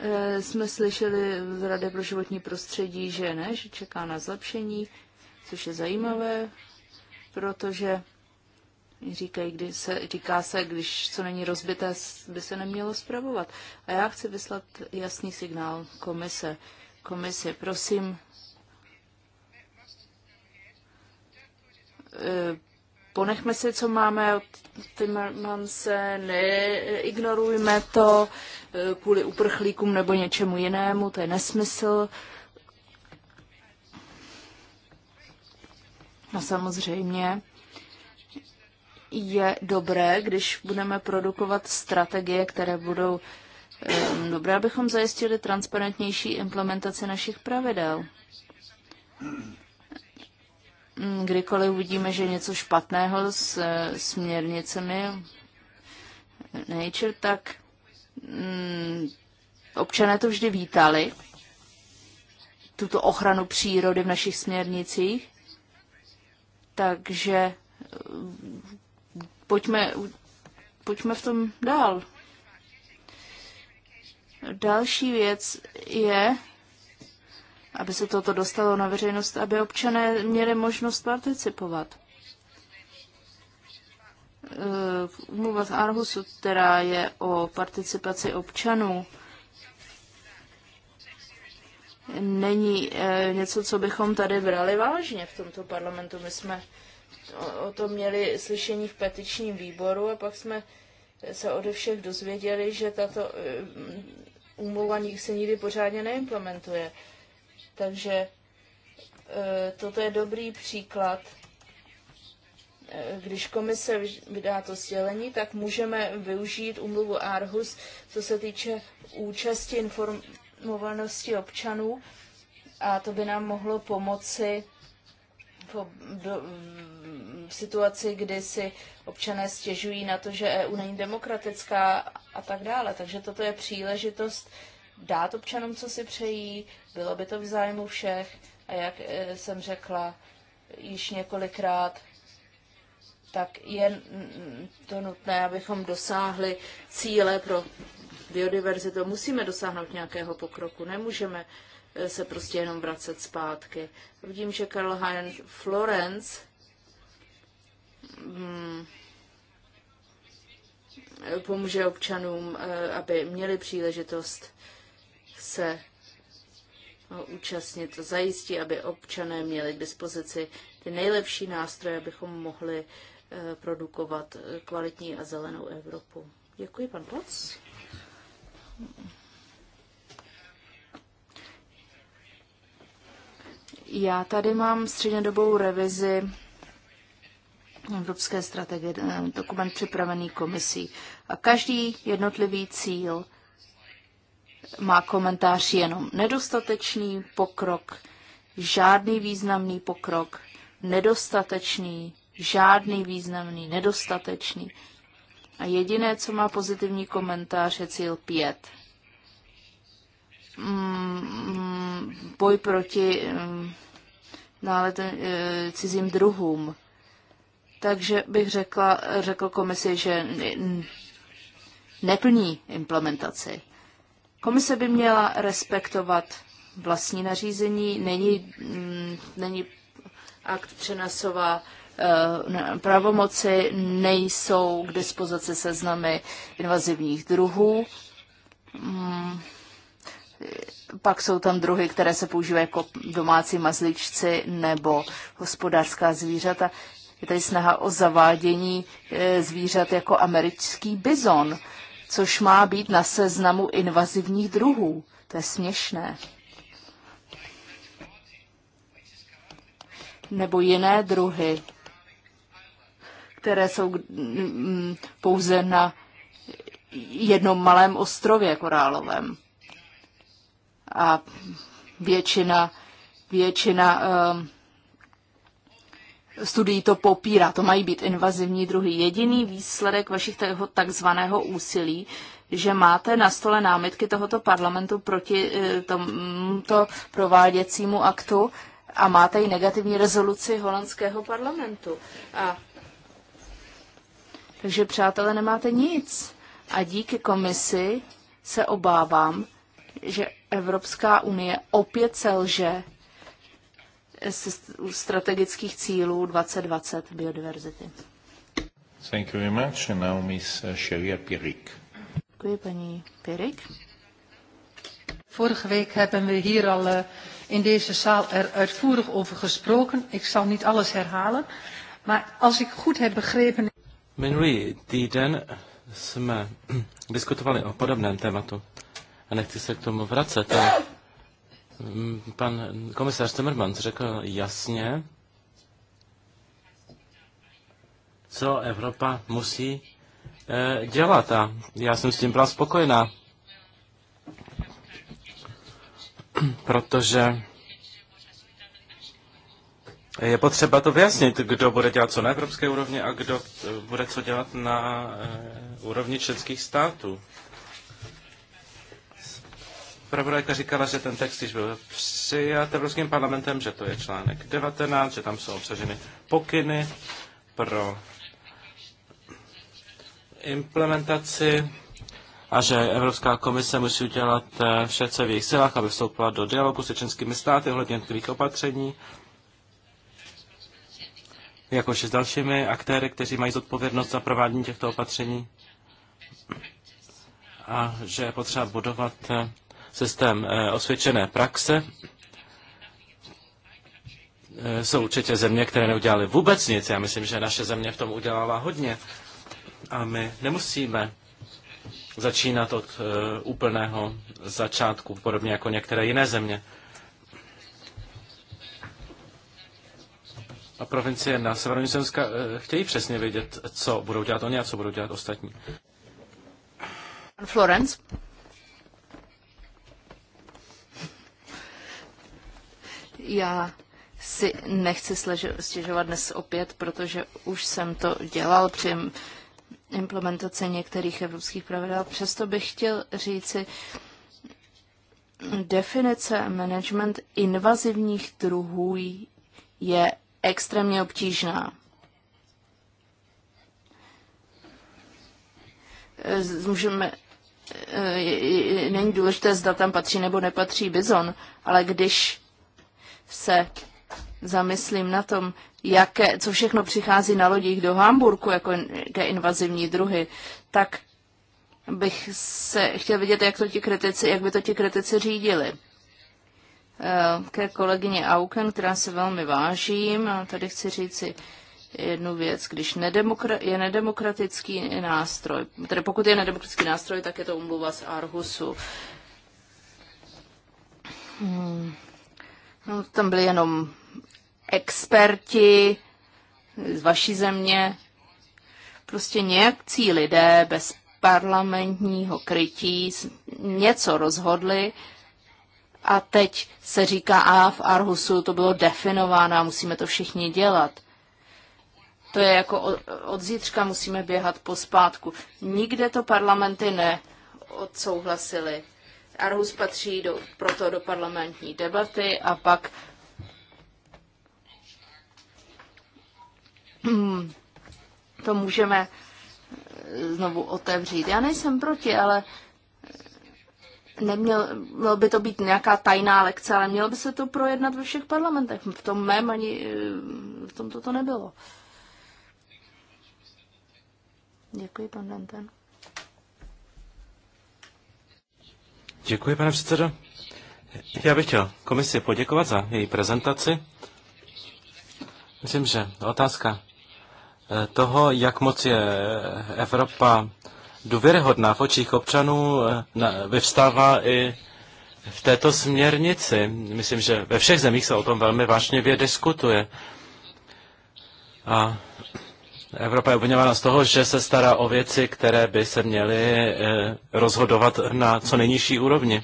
eh, jsme slyšeli z Rady pro životní prostředí, že ne, že čeká na zlepšení, což je zajímavé, protože Říkají, kdy se, říká se, když co není rozbité, by se nemělo zpravovat. A já chci vyslat jasný signál komise. Komise, prosím, eh, ponechme si, co máme od Timmermanse, neignorujme to eh, kvůli uprchlíkům nebo něčemu jinému, to je nesmysl. No samozřejmě, je dobré, když budeme produkovat strategie, které budou eh, dobré, abychom zajistili transparentnější implementaci našich pravidel. Mm, kdykoliv uvidíme, že je něco špatného s eh, směrnicemi Nature, tak mm, občané to vždy vítali, tuto ochranu přírody v našich směrnicích. Takže eh, pojďme, pojďme v tom dál. Další věc je, aby se toto dostalo na veřejnost, aby občané měli možnost participovat. Umluva eh, z Arhusu, která je o participaci občanů, není eh, něco, co bychom tady brali vážně v tomto parlamentu. My jsme o tom měli slyšení v petičním výboru a pak jsme se ode všech dozvěděli, že tato eh, úmluva se nikdy pořádně neimplementuje. Takže eh, toto je dobrý příklad. Eh, když komise vydá to sdělení, tak můžeme využít umluvu Arhus, co se týče účasti informovanosti občanů a to by nám mohlo pomoci do, v situaci, kdy si občané stěžují na to, že EU není demokratická a tak dále. Takže toto je příležitost dát občanům, co si přejí, bylo by to v zájmu všech a jak e, jsem řekla již několikrát, tak je to nutné, abychom dosáhli cíle pro biodiverzitu. Musíme dosáhnout nějakého pokroku, nemůžeme se prostě jenom vracet zpátky. Vidím, že Karl Heinz Florence hmm, pomůže občanům, eh, aby měli příležitost se no, účastnit, zajistí, aby občané měli k dispozici ty nejlepší nástroje, abychom mohli eh, produkovat eh, kvalitní a zelenou Evropu. Děkuji, pan Poc. Já tady mám střednědobou revizi Evropské strategie, eh, dokument připravený komisí. A každý jednotlivý cíl má komentář jenom nedostatečný pokrok, žádný významný pokrok, nedostatečný, žádný významný, nedostatečný. A jediné, co má pozitivní komentář, je cíl 5. Mm, boj proti mm, náletem e, cizím druhům. Takže bych řekla, řekl komisi, že neplní implementaci. Komise by měla respektovat vlastní nařízení, není, mm, není akt přenasová e, pravomoci, nejsou k dispozici seznamy invazivních druhů. Pak jsou tam druhy, které se používají jako domácí mazličci nebo hospodářská zvířata. Je tady snaha o zavádění e, zvířat jako americký bizon, což má být na seznamu invazivních druhů. To je směšné. Nebo jiné druhy, které jsou pouze na jednom malém ostrově korálovém a většina, většina um, studií to popírá. To mají být invazivní druhy. Jediný výsledek vašich takzvaného úsilí, že máte na stole námitky tohoto parlamentu proti eh, tomuto prováděcímu aktu a máte i negativní rezoluci holandského parlamentu. A takže, přátelé, nemáte nic. A díky komisi se obávám, že Evropská unie opět selže z strategických cílů 2020 biodiverzity. Thank you very much. And now Miss uh, Sheria Pirik. Děkuji, paní Pirik. Vorige week hebben we hier al uh, in deze zaal er uitvoerig over gesproken. Ik zal niet alles herhalen. Maar als ik goed heb begrepen... Minulý týden jsme diskutovali o podobném tématu a nechci se k tomu vracet. A mm, pan komisař Timmermans řekl jasně, co Evropa musí eh, dělat a já jsem s tím byla spokojená, protože je potřeba to vyjasnit, kdo bude dělat co na evropské úrovni a kdo eh, bude co dělat na eh, úrovni českých států. Zpravodajka říkala, že ten text již byl přijat Evropským parlamentem, že to je článek 19, že tam jsou obsaženy pokyny pro implementaci a že Evropská komise musí udělat eh, vše, co v jejich silách, aby vstoupila do dialogu se členskými státy ohledně některých opatření, jakož i s dalšími aktéry, kteří mají zodpovědnost za provádění těchto opatření a že je potřeba budovat eh, systém eh, osvědčené praxe. Eh, jsou určitě země, které neudělaly vůbec nic. Já myslím, že naše země v tom udělala hodně. A my nemusíme začínat od eh, úplného začátku, podobně jako některé jiné země. A provincie na severní Zemska chtějí přesně vědět, co budou dělat oni a co budou dělat ostatní. Florence. Já si nechci stěžovat dnes opět, protože už jsem to dělal při implementaci některých evropských pravidel. Přesto bych chtěl říci, definice management invazivních druhů je extrémně obtížná. Můžeme, e, e, e, není důležité, zda tam patří nebo nepatří bizon, ale když se zamyslím na tom, jaké, co všechno přichází na lodích do Hamburku jako ke invazivní druhy, tak bych se chtěl vidět, jak, to ti kritici, jak by to ti kritici řídili. Eh, ke kolegyně Auken, která se velmi vážím, a tady chci říci jednu věc, když nedemokra- je nedemokratický nástroj, tedy pokud je nedemokratický nástroj, tak je to umluva z Arhusu. Hmm No, tam byli jenom experti z vaší země, prostě nějakcí lidé bez parlamentního krytí něco rozhodli a teď se říká, a v Arhusu to bylo definováno a musíme to všichni dělat. To je jako od, od zítřka musíme běhat po spátku. Nikde to parlamenty neodsouhlasili. Arhus patří do, proto do parlamentní debaty a pak to můžeme eh, znovu otevřít. Já nejsem proti, ale neměl, mělo by to být nějaká tajná lekce, ale mělo by se to projednat ve všech parlamentech. V tom mém ani eh, v tom to nebylo. Děkuji, pan Danten. Děkuji, pane předsedo. Já bych chtěl komisi poděkovat za její prezentaci. Myslím, že otázka eh, toho, jak moc je Evropa důvěryhodná v očích občanů, eh, vyvstává i v této směrnici. Myslím, že ve všech zemích se o tom velmi vážně diskutuje. A Evropa je obvinována z toho, že se stará o věci, které by se měly eh, rozhodovat na co nejnižší úrovni.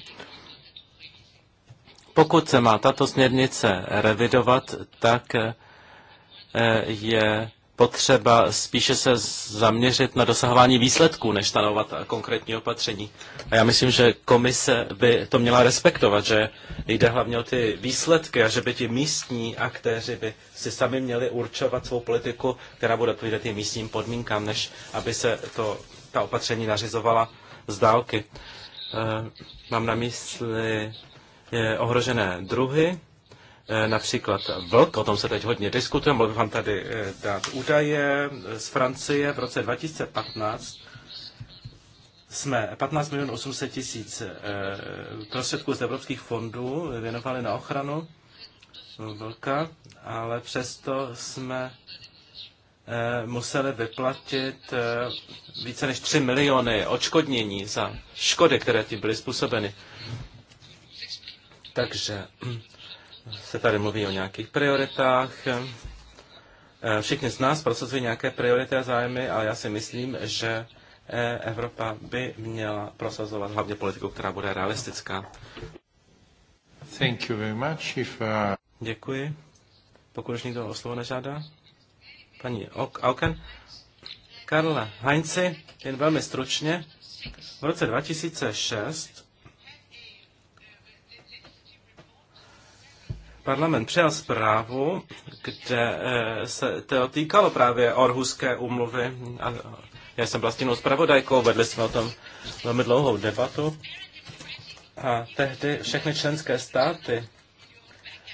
Pokud se má tato směrnice revidovat, tak eh, je potřeba spíše se zaměřit na dosahování výsledků, než stanovat konkrétní opatření. A já myslím, že komise by to měla respektovat, že jde hlavně o ty výsledky a že by ti místní aktéři by si sami měli určovat svou politiku, která bude odpovídat těm místním podmínkám, než aby se to, ta opatření nařizovala z dálky. E, mám na mysli eh, ohrožené druhy, Eh, například vlk, o tom se teď hodně diskutuje, mohu vám tady eh, dát údaje eh, z Francie v roce 2015, jsme 15 milionů 800 tisíc prostředků z evropských fondů věnovali na ochranu vlka, ale přesto jsme museli vyplatit více než 3 miliony odškodnění za škody, které ti byly způsobeny. Takže se tady mluví o nějakých prioritách. E, všichni z nás prosazují nějaké priority a zájmy, ale já si myslím, že e, Evropa by měla prosazovat hlavně politiku, která bude realistická. Thank you very much. If, uh... Děkuji. Pokud už nikdo o slovo nežádá. Paní Auken. Karla Heinze, jen velmi stručně. V roce 2006 parlament přijal zprávu, kde eh, se to týkalo právě Orhuské úmluvy. Já jsem vlastně stínou zpravodajkou, vedli jsme o tom velmi dlouhou debatu. A tehdy všechny členské státy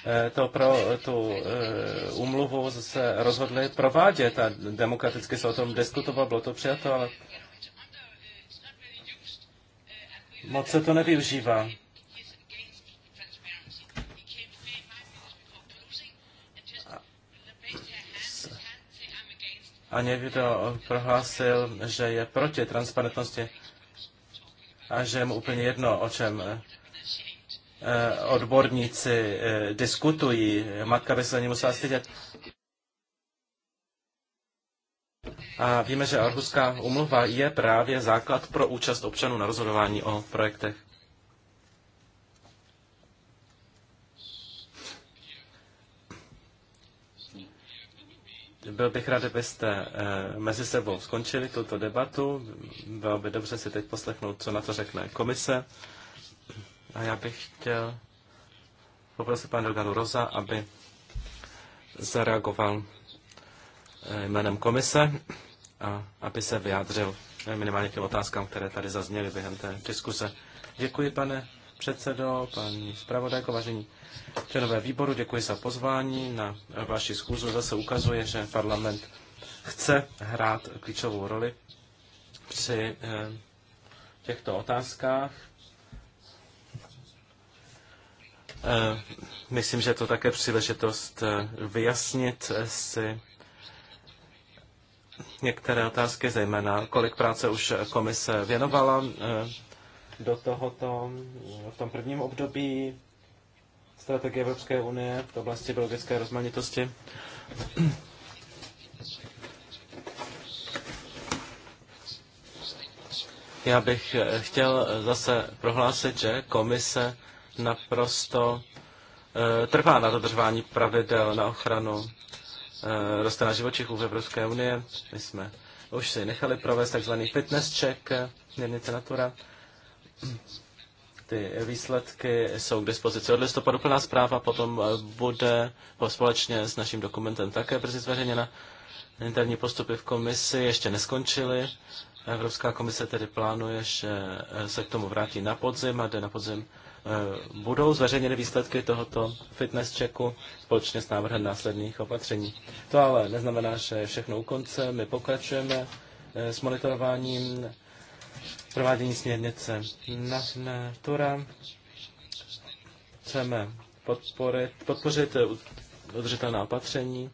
eh, to pro tu eh, úmluvu se rozhodly provádět a demokraticky se o tom diskutovalo, bylo to přijato, ale moc se to nevyužívá. a někdo prohlásil, že je proti transparentnosti a že je mu úplně jedno, o čem eh, odborníci eh, diskutují. Matka by se ní musela stydět. A víme, že Arhuská umluva je právě základ pro účast občanů na rozhodování o projektech. Byl bych rád, kdybyste eh, mezi sebou skončili tuto debatu. Bylo by dobře si teď poslechnout, co na to řekne komise. A já bych chtěl poprosit pana Delgado Roza, aby zareagoval eh, jménem komise a aby se vyjádřil minimálně těm otázkám, které tady zazněly během té diskuse. Děkuji, pane předsedo, paní zpravodajko, vážení členové výboru, děkuji za pozvání na vaši schůzu. Zase ukazuje, že parlament chce hrát klíčovou roli při eh, těchto otázkách. Eh, myslím, že je to také příležitost eh, vyjasnit si některé otázky, zejména kolik práce už komise věnovala do tohoto, v tom prvním období strategie Evropské unie v oblasti biologické rozmanitosti. Já bych eh, chtěl eh, zase prohlásit, že komise naprosto eh, trvá na dodržování pravidel na ochranu rostlin a živočichů v Evropské unie. My jsme už si nechali provést takzvaný fitness check, měrnice Natura. Ty výsledky jsou k dispozici od listopadu. Plná zpráva potom eh, bude eh, společně s naším dokumentem také brzy zveřejněna. Interní postupy v komisi ještě neskončily. Evropská komise tedy plánuje, že eh, se k tomu vrátí na podzim a jde na podzim budou zveřejněny výsledky tohoto fitness checku společně s návrhem následných opatření. To ale neznamená, že je všechno u konce. My pokračujeme s monitorováním provádění směrnice Natura. Chceme podporit, podpořit udržitelná opatření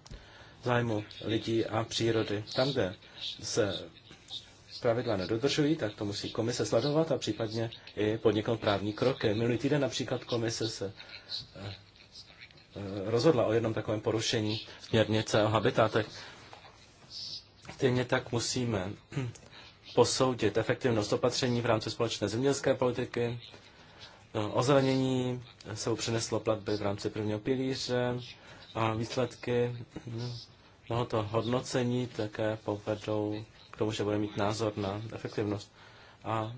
zájmu lidí a přírody. Tam, kde se pravidla nedodržují, tak to musí komise sledovat a případně i podniknout právní kroky. Minulý týden například komise se eh, rozhodla o jednom takovém porušení směrnice o habitatech. Stejně tak musíme posoudit efektivnost opatření v rámci společné zemědělské politiky. No, ozelenění se přineslo platby v rámci prvního pilíře a výsledky no, tohoto hodnocení také povedou k tomu, že bude mít názor na efektivnost. A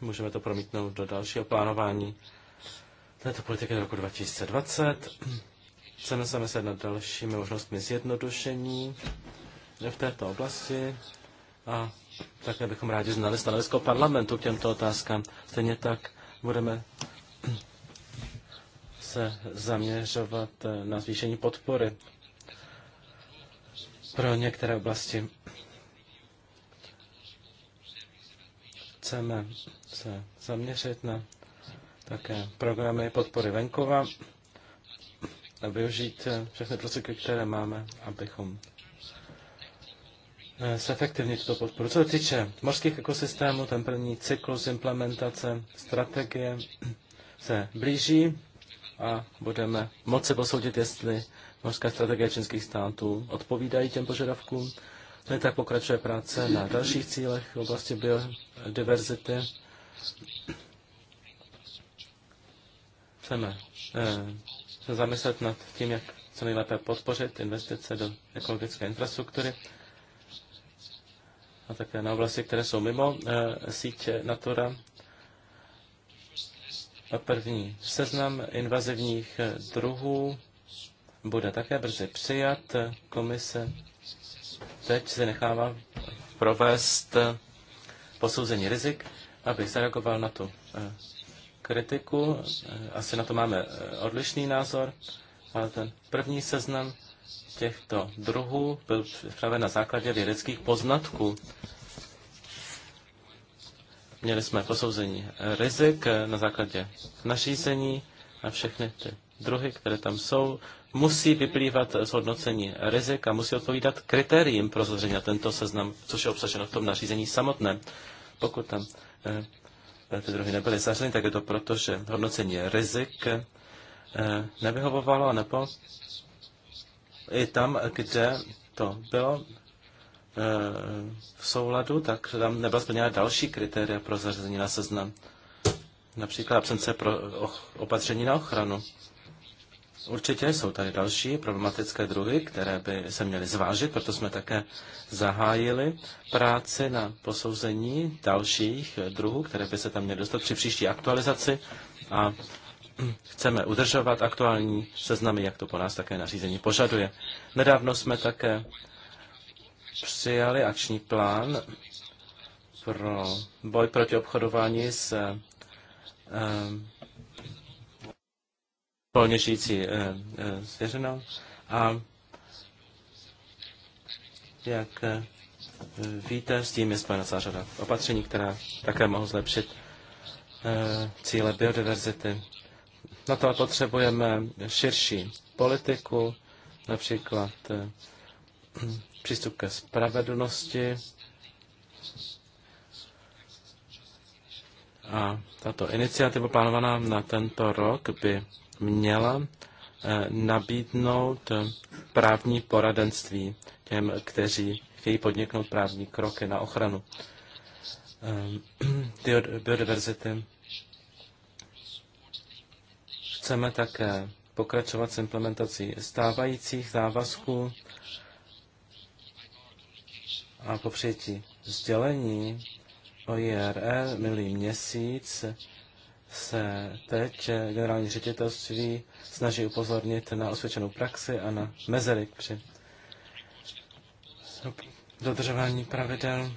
můžeme to promítnout do dalšího plánování této politiky do roku 2020. Chceme se myslet nad dalšími možnostmi zjednodušení v této oblasti a také bychom rádi znali stanovisko parlamentu k těmto otázkám. Stejně tak budeme se zaměřovat eh, na zvýšení podpory pro některé oblasti. Chceme se zaměřit na také programy podpory venkova a využít eh, všechny prostředky, které máme, abychom Eh, zefektivnit tuto podporu. Co se týče mořských ekosystémů, ten první cyklus implementace strategie se blíží a budeme moci posoudit, jestli mořská strategie členských států odpovídají těm požadavkům. Tady tak pokračuje práce na dalších cílech v oblasti biodiverzity. Chceme eh, se zamyslet nad tím, jak co nejlépe podpořit investice do ekologické infrastruktury a také na oblasti, které jsou mimo uh, sítě Natura. A první seznam invazivních eh, druhů bude také brzy přijat. Komise teď se nechává provést eh, posouzení rizik, aby zareagoval na tu kritiku. Asi na to máme odlišný názor, ale ten první seznam těchto druhů byl připraven na základě vědeckých poznatků. Měli jsme posouzení rizik na základě nařízení a všechny ty druhy, které tam jsou, musí vyplývat z hodnocení rizik a musí odpovídat kritériím pro zazření na tento seznam, což je obsaženo v tom nařízení samotné, Pokud tam eh, ty druhy nebyly zařazeny, tak je to proto, že hodnocení rizik eh, nevyhovovalo, nebo i tam, kde to bylo eh, v souladu, tak tam nebyla splněna další kritéria pro zařazení na seznam. Například absence pro opatření na ochranu. Určitě jsou tady další problematické druhy, které by se měly zvážit, proto jsme také zahájili práci na posouzení dalších druhů, které by se tam měly dostat při příští aktualizaci a chceme udržovat aktuální seznamy, jak to po nás také nařízení požaduje. Nedávno jsme také přijali akční plán pro boj proti obchodování s eh, volně žijící eh, eh, zvěřinou a jak víte, s tím je spojena celá řada opatření, která také mohou zlepšit cíle biodiverzity na to potřebujeme širší politiku, například eh, přístup ke spravedlnosti. A tato iniciativa plánovaná na tento rok by měla eh, nabídnout eh, právní poradenství těm, kteří chtějí podniknout právní kroky na ochranu biodiverzity Chceme také pokračovat s implementací stávajících závazků a po přijetí sdělení o IRE minulý měsíc se teď generální ředitelství snaží upozornit na osvědčenou praxi a na mezery při dodržování pravidel,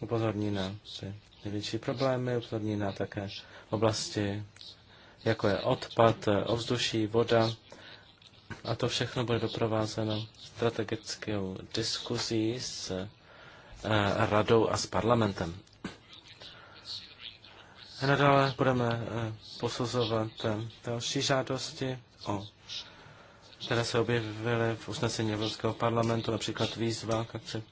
upozorní na ty největší problémy, upozorní na také oblasti jako je odpad, ovzduší, voda. A to všechno bude doprovázeno strategickou diskuzí s eh, radou a s parlamentem. Nadále budeme eh, posuzovat eh, další žádosti, o, které se objevily v usnesení Evropského parlamentu, například výzva k akci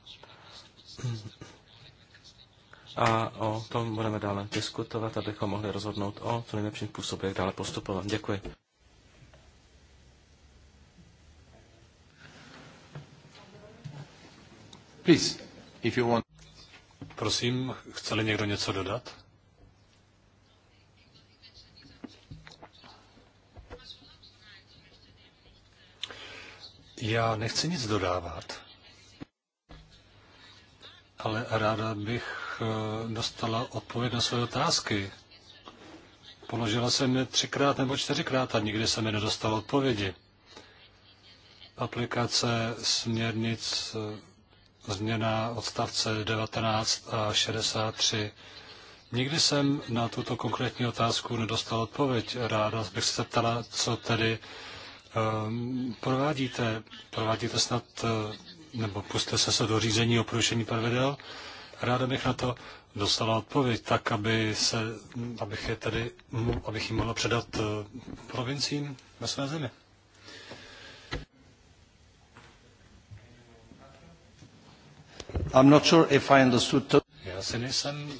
a o tom budeme dále diskutovat, abychom mohli rozhodnout o co nejlepším způsobu, jak dále postupovat. Děkuji. Please, if you want. Prosím, chce-li někdo něco dodat? Já nechci nic dodávat, ale ráda bych Eh, dostala odpověď na své otázky. Položila jsem je třikrát nebo čtyřikrát a nikdy jsem mi nedostal odpovědi. Aplikace směrnic eh, změna odstavce 19 a 63. Nikdy jsem na tuto konkrétní otázku nedostal odpověď. Ráda bych se ptala, co tedy um, provádíte. Provádíte snad, uh, nebo puste se se do řízení o porušení pravidel? Ráda bych na to dostala odpověď tak, aby se, abych, je tedy, abych jim mohla předat eh, provincím ve své zemi. I'm not sure if I understood to... Já si nejsem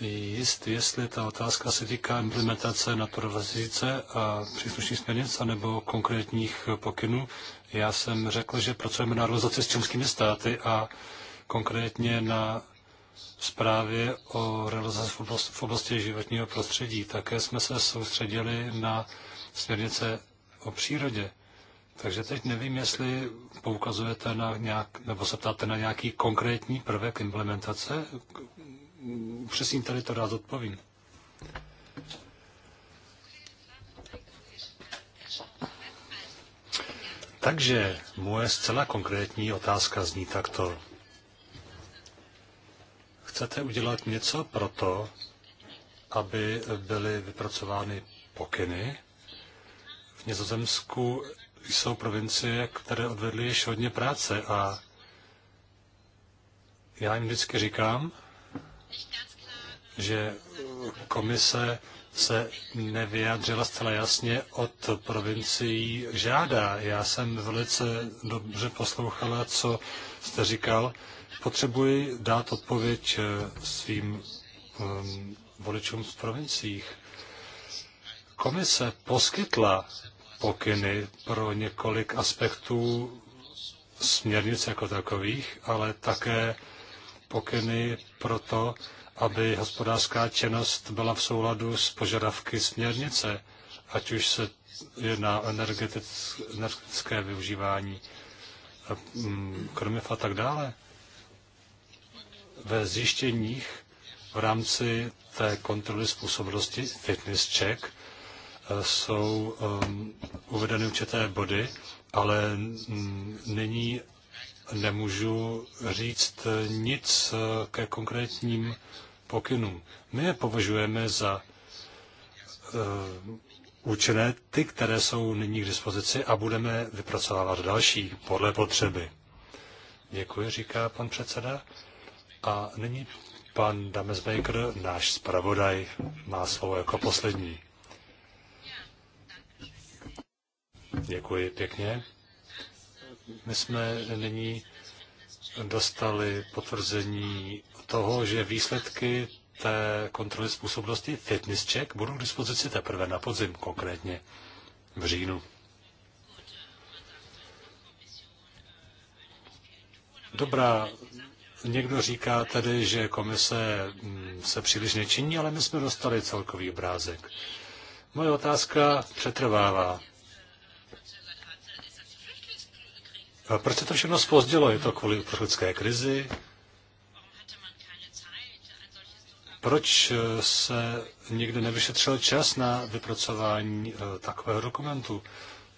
jist, jestli ta otázka se týká implementace Natura 2000 a příslušných směrnic, anebo konkrétních pokynů. Já jsem řekl, že pracujeme na realizaci s členskými státy a konkrétně na zprávě o realizaci v oblasti životního prostředí. Také jsme se soustředili na směrnice o přírodě. Takže teď nevím, jestli poukazujete na nějak, nebo se ptáte na nějaký konkrétní prvek implementace. Přesně tady to rád odpovím. Takže moje zcela konkrétní otázka zní takto chcete udělat něco pro to, aby byly vypracovány pokyny. V Nizozemsku jsou provincie, které odvedly již hodně práce a já jim vždycky říkám, že komise se nevyjádřila zcela jasně od provincií žádá. Já jsem velice dobře poslouchala, co jste říkal potřebuji dát odpověď eh, svým ehm, voličům v provinciích. Komise poskytla pokyny pro několik aspektů směrnic jako takových, ale také pokyny pro to, aby hospodářská činnost byla v souladu s požadavky směrnice, ať už se jedná o energetické využívání, mm, krmiv a tak dále ve zjištěních v rámci té kontroly způsobilosti fitness check eh, jsou um, uvedeny určité body, ale nyní nemůžu říct eh, nic eh, ke konkrétním pokynům. My je považujeme za uh, účené ty, které jsou nyní k dispozici a budeme vypracovávat další podle potřeby. Děkuji, říká pan předseda. A nyní pan Damesbaker, náš zpravodaj, má slovo jako poslední. Děkuji pěkně. My jsme nyní dostali potvrzení toho, že výsledky té kontroly způsobnosti fitness check budou k dispozici teprve na podzim, konkrétně v říjnu. Dobrá Někdo říká tedy, že komise mm, se příliš nečiní, ale my jsme dostali celkový obrázek. Moje otázka přetrvává. A proč se to všechno spozdilo? Je to kvůli uprchlické krizi? Proč eh, se někde nevyšetřil čas na vypracování eh, takového dokumentu?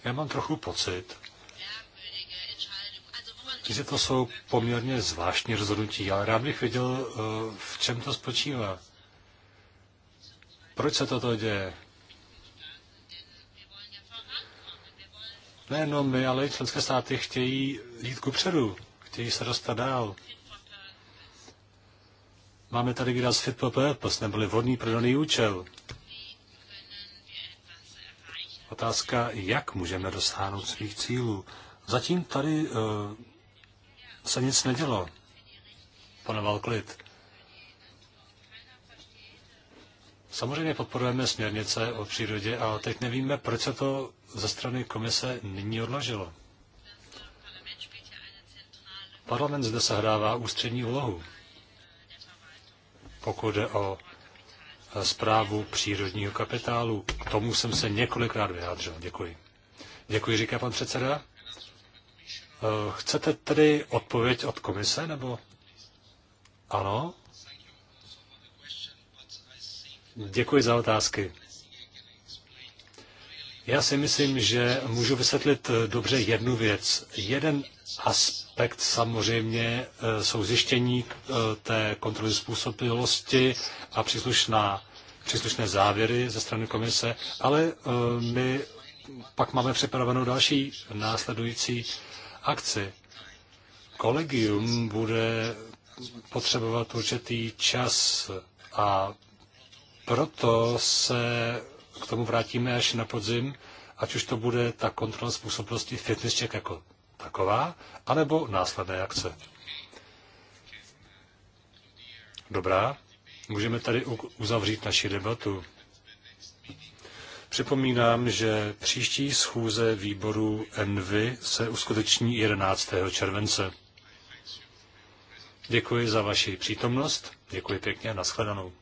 Já mám trochu pocit, že to jsou poměrně zvláštní rozhodnutí, ale rád bych věděl, eh, v čem to spočívá. Proč se toto děje? Nejenom my, ale i členské státy chtějí jít ku předu, chtějí se dostat dál. Máme tady výraz fit for purpose, neboli vhodný pro daný účel. Otázka, jak můžeme dosáhnout svých cílů. Zatím tady uh, se nic nedělo. Panoval klid. Samozřejmě podporujeme směrnice o přírodě, ale teď nevíme, proč se to ze strany komise nyní odložilo. Parlament zde sehrává ústřední úlohu, pokud jde o zprávu přírodního kapitálu. K tomu jsem se několikrát vyjádřil. Děkuji. Děkuji, říká pan předseda. Eh, chcete tedy odpověď od komise, nebo? Ano? Děkuji za otázky. Já si myslím, že můžu vysvětlit eh, dobře jednu věc. Jeden aspekt samozřejmě eh, jsou zjištění té kontroly způsobilosti a příslušná, příslušné závěry ze strany komise, ale my pak máme připravenou další následující akci. Kolegium bude potřebovat určitý čas a proto se k tomu vrátíme až na podzim, ať už to bude ta kontrola způsobnosti fitness check jako taková, anebo následné akce. Dobrá, můžeme tady uzavřít naši debatu. Připomínám, že příští schůze výboru ENVY se uskuteční 11. července. Děkuji za vaši přítomnost, děkuji pěkně a nashledanou.